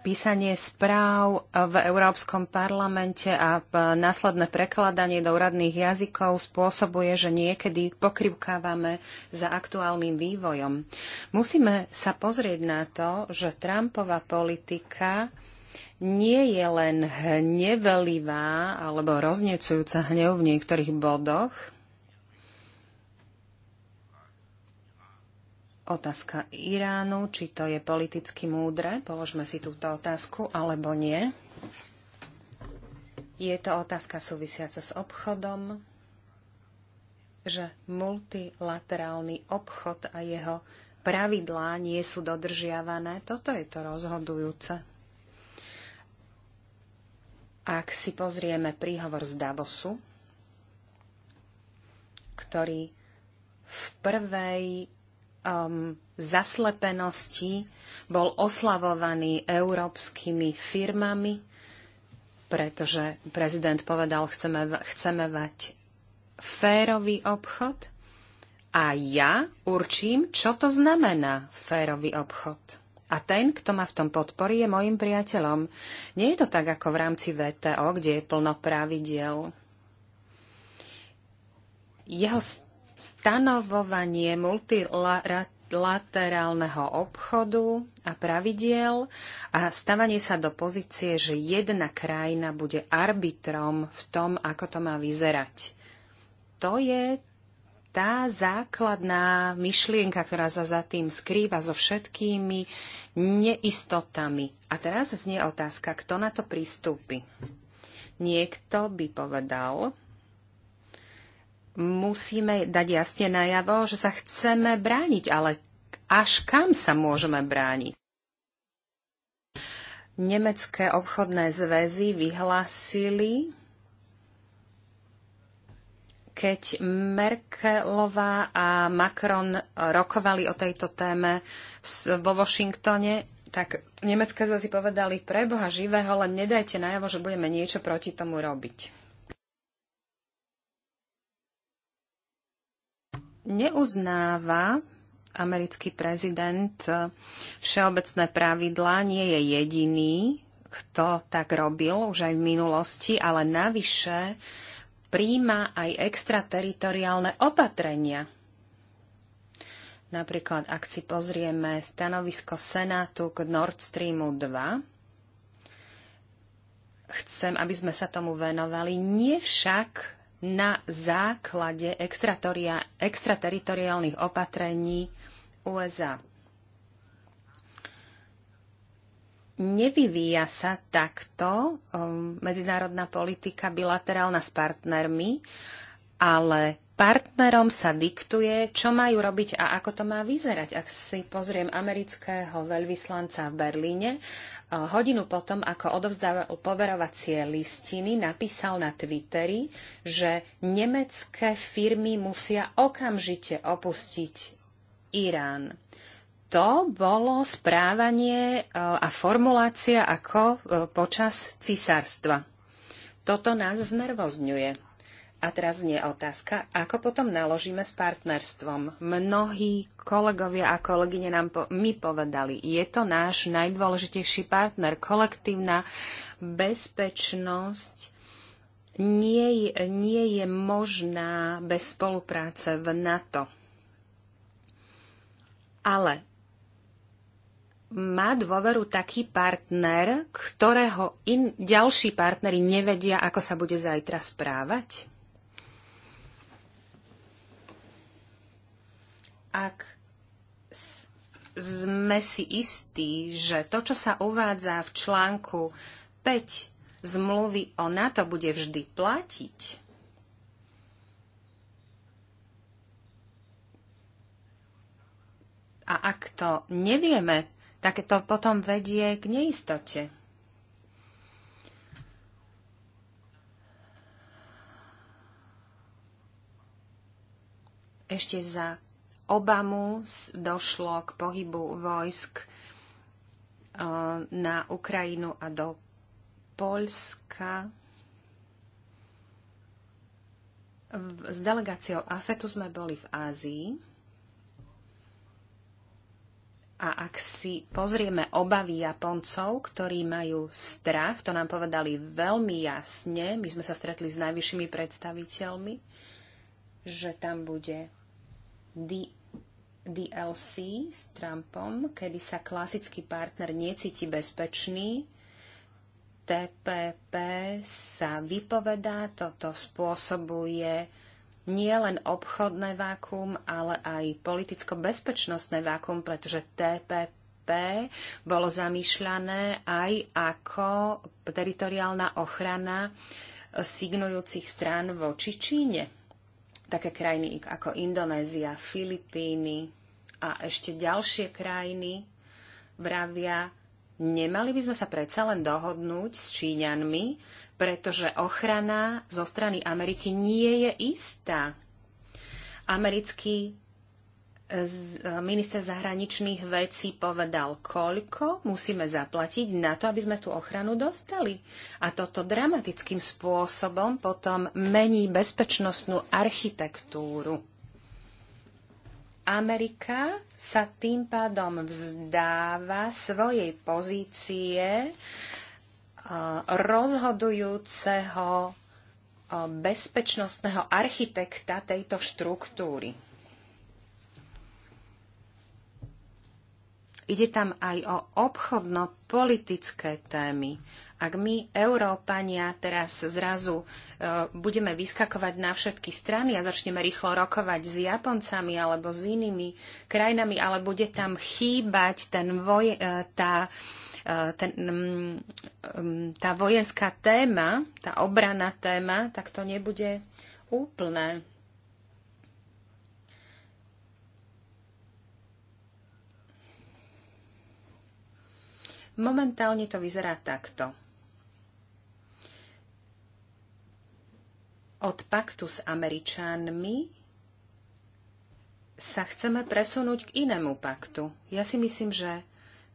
Speaker 3: Písanie správ v Európskom parlamente a následné prekladanie do úradných jazykov spôsobuje, že niekedy pokrivkávame za aktuálnym vývojom. Musíme sa pozrieť na to, že Trumpová politika nie je len hnevelivá alebo roznecujúca hnev v niektorých bodoch, otázka Iránu, či to je politicky múdre, položme si túto otázku, alebo nie. Je to otázka súvisiaca s obchodom, že multilaterálny obchod a jeho pravidlá nie sú dodržiavané. Toto je to rozhodujúce. Ak si pozrieme príhovor z Davosu, ktorý v prvej um, zaslepenosti bol oslavovaný európskymi firmami, pretože prezident povedal, chceme, chceme mať férový obchod a ja určím, čo to znamená férový obchod. A ten, kto ma v tom podporí, je môjim priateľom. Nie je to tak, ako v rámci VTO, kde je plno pravidiel. Jeho stanovovanie multilaterálneho obchodu a pravidiel a stavanie sa do pozície, že jedna krajina bude arbitrom v tom, ako to má vyzerať. To je tá základná myšlienka, ktorá sa za tým skrýva so všetkými neistotami. A teraz znie otázka, kto na to pristúpi. Niekto by povedal, musíme dať jasne najavo, že sa chceme brániť, ale až kam sa môžeme brániť? Nemecké obchodné zväzy vyhlásili, keď Merkelová a Macron rokovali o tejto téme vo Washingtone, tak nemecké zväzy povedali, preboha živého, len nedajte najavo, že budeme niečo proti tomu robiť. neuznáva americký prezident e, všeobecné pravidlá, nie je jediný, kto tak robil už aj v minulosti, ale navyše príjma aj extrateritoriálne opatrenia. Napríklad, ak si pozrieme stanovisko Senátu k Nord Streamu 2, chcem, aby sme sa tomu venovali. Nie však na základe extrateritoriálnych opatrení USA. Nevyvíja sa takto um, medzinárodná politika bilaterálna s partnermi, ale partnerom sa diktuje, čo majú robiť a ako to má vyzerať. Ak si pozriem amerického veľvyslanca v Berlíne, eh, hodinu potom, ako odovzdával poverovacie listiny, napísal na Twitteri, že nemecké firmy musia okamžite opustiť Irán to bolo správanie eh, a formulácia ako eh, počas cisárstva. Toto nás znervozňuje. A teraz nie otázka, ako potom naložíme s partnerstvom. Mnohí kolegovia a kolegyne nám po, mi povedali, je to náš najdôležitejší partner, kolektívna bezpečnosť nie, nie je možná bez spolupráce v NATO. Ale má dôveru taký partner, ktorého in, ďalší partnery nevedia, ako sa bude zajtra správať? ak sme si istí, že to, čo sa uvádza v článku 5 zmluvy o NATO, bude vždy platiť, a ak to nevieme, tak to potom vedie k neistote. Ešte za Obamu došlo k pohybu vojsk e, na Ukrajinu a do Polska. S delegáciou AFETu sme boli v Ázii. A ak si pozrieme obavy Japoncov, ktorí majú strach, to nám povedali veľmi jasne, my sme sa stretli s najvyššími predstaviteľmi, že tam bude di- DLC s Trumpom, kedy sa klasický partner necíti bezpečný, TPP sa vypovedá, toto spôsobuje nielen obchodné vákum, ale aj politicko-bezpečnostné vákum, pretože TPP bolo zamýšľané aj ako teritoriálna ochrana signujúcich strán voči Číne také krajiny ako Indonézia, Filipíny a ešte ďalšie krajiny vravia, nemali by sme sa predsa len dohodnúť s Číňanmi, pretože ochrana zo strany Ameriky nie je istá. Americký E, minister zahraničných vecí povedal, koľko musíme zaplatiť na to, aby sme tú ochranu dostali. A toto dramatickým spôsobom potom mení bezpečnostnú architektúru. Amerika sa tým pádom vzdáva svojej pozície e, rozhodujúceho e, bezpečnostného architekta tejto štruktúry. Ide tam aj o obchodno-politické témy. Ak my, Európania, teraz zrazu e, budeme vyskakovať na všetky strany a začneme rýchlo rokovať s Japoncami alebo s inými krajinami, ale bude tam chýbať ten voj, e, tá, e, ten, m, mm, m, mm, tá vojenská téma, tá obrana téma, tak to nebude úplné. Momentálne to vyzerá takto. Od paktu s Američanmi sa chceme presunúť k inému paktu. Ja si myslím, že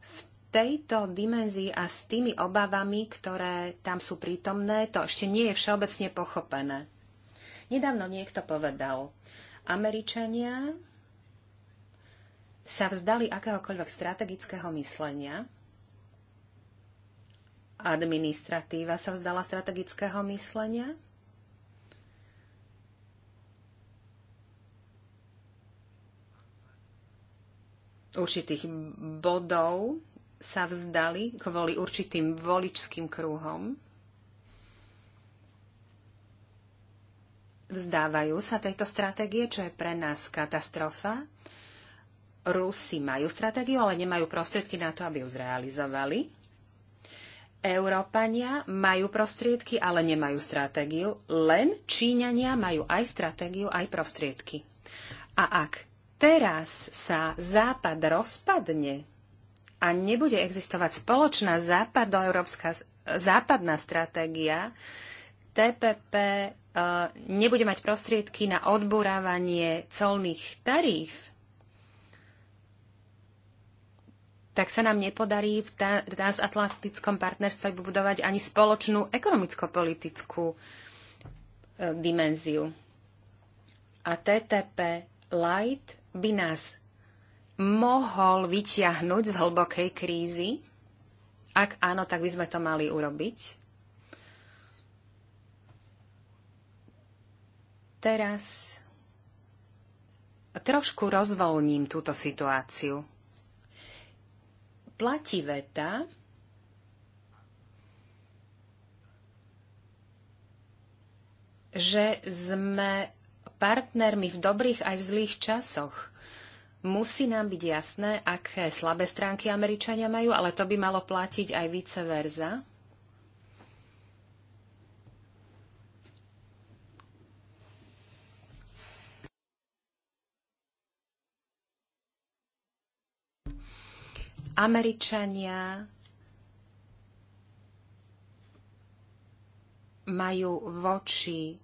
Speaker 3: v tejto dimenzii a s tými obavami, ktoré tam sú prítomné, to ešte nie je všeobecne pochopené. Nedávno niekto povedal, Američania sa vzdali akéhokoľvek strategického myslenia administratíva sa vzdala strategického myslenia? určitých bodov sa vzdali kvôli určitým voličským krúhom. Vzdávajú sa tejto stratégie, čo je pre nás katastrofa. Rusi majú stratégiu, ale nemajú prostriedky na to, aby ju zrealizovali. Európania majú prostriedky, ale nemajú stratégiu, len Číňania majú aj stratégiu, aj prostriedky. A ak teraz sa Západ rozpadne a nebude existovať spoločná západoeurópska západná stratégia, TPP eh, nebude mať prostriedky na odburávanie colných taríf, tak sa nám nepodarí v transatlantickom partnerstve vybudovať ani spoločnú ekonomicko-politickú e, dimenziu. A TTP Light by nás mohol vyťahnuť z hlbokej krízy? Ak áno, tak by sme to mali urobiť. Teraz trošku rozvolním túto situáciu platí veta, že sme partnermi v dobrých aj v zlých časoch. Musí nám byť jasné, aké slabé stránky Američania majú, ale to by malo platiť aj vice versa. Američania majú voči e,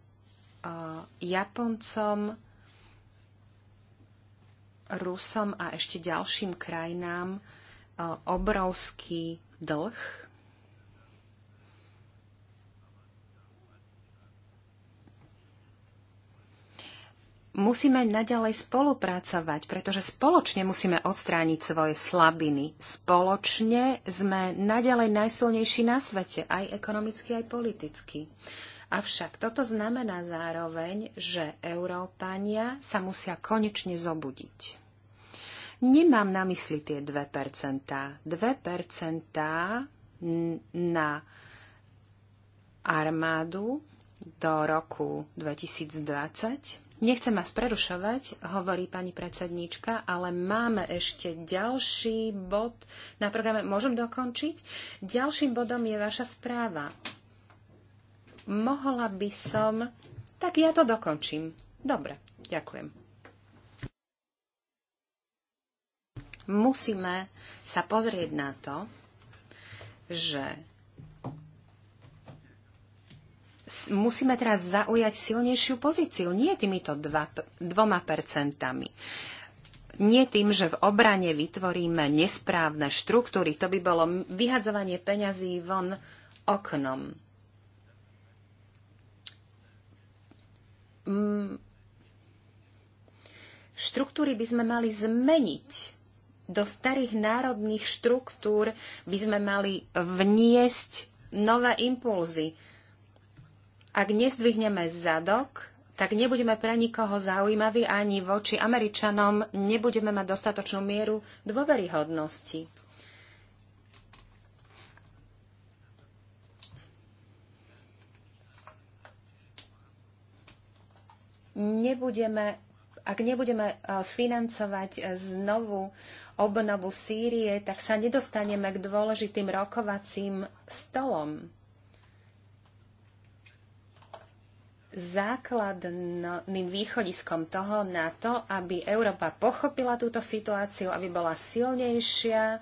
Speaker 3: Japoncom, Rusom a ešte ďalším krajinám e, obrovský dlh musíme naďalej spolupracovať, pretože spoločne musíme odstrániť svoje slabiny. Spoločne sme naďalej najsilnejší na svete, aj ekonomicky, aj politicky. Avšak toto znamená zároveň, že Európania sa musia konečne zobudiť. Nemám na mysli tie 2%. 2% na armádu do roku 2020 Nechcem vás prerušovať, hovorí pani predsedníčka, ale máme ešte ďalší bod na programe. Môžem dokončiť? Ďalším bodom je vaša správa. Mohla by som... Tak ja to dokončím. Dobre, ďakujem. Musíme sa pozrieť na to, že musíme teraz zaujať silnejšiu pozíciu, nie týmito dva, dvoma percentami. Nie tým, že v obrane vytvoríme nesprávne štruktúry, to by bolo vyhadzovanie peňazí von oknom. Štruktúry by sme mali zmeniť. Do starých národných štruktúr by sme mali vniesť nové impulzy ak nezdvihneme zadok, tak nebudeme pre nikoho zaujímaví ani voči Američanom nebudeme mať dostatočnú mieru dôveryhodnosti. Nebudeme, ak nebudeme e, financovať e, znovu obnovu Sýrie, tak sa nedostaneme k dôležitým rokovacím stolom. základným východiskom toho na to, aby Európa pochopila túto situáciu, aby bola silnejšia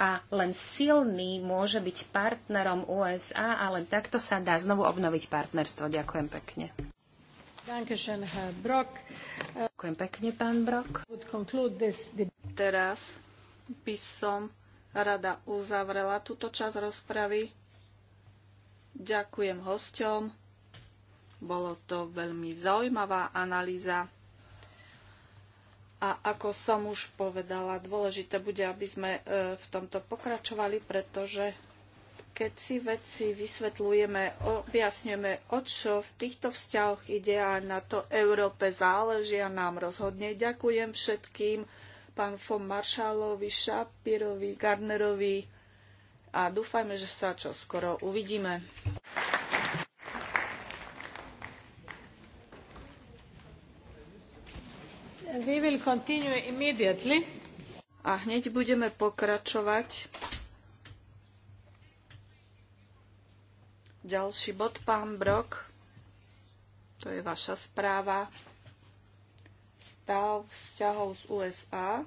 Speaker 3: a len silný môže byť partnerom USA a len takto sa dá znovu obnoviť partnerstvo. Ďakujem pekne. Ďakujem pekne,
Speaker 2: pán Brok. Teraz by som rada uzavrela túto časť rozpravy. Ďakujem hosťom. Bolo to veľmi zaujímavá analýza. A ako som už povedala, dôležité bude, aby sme e, v tomto pokračovali, pretože keď si veci vysvetľujeme, objasňujeme, o čo v týchto vzťahoch ide a na to Európe záleží a nám rozhodne. Ďakujem všetkým, pán von Maršálovi, Šapirovi, Gardnerovi a dúfajme, že sa čo skoro uvidíme. We will continue immediately. A hneď budeme pokračovať. Ďalší bod, pán Brok. To je vaša správa. Stav vzťahov z USA.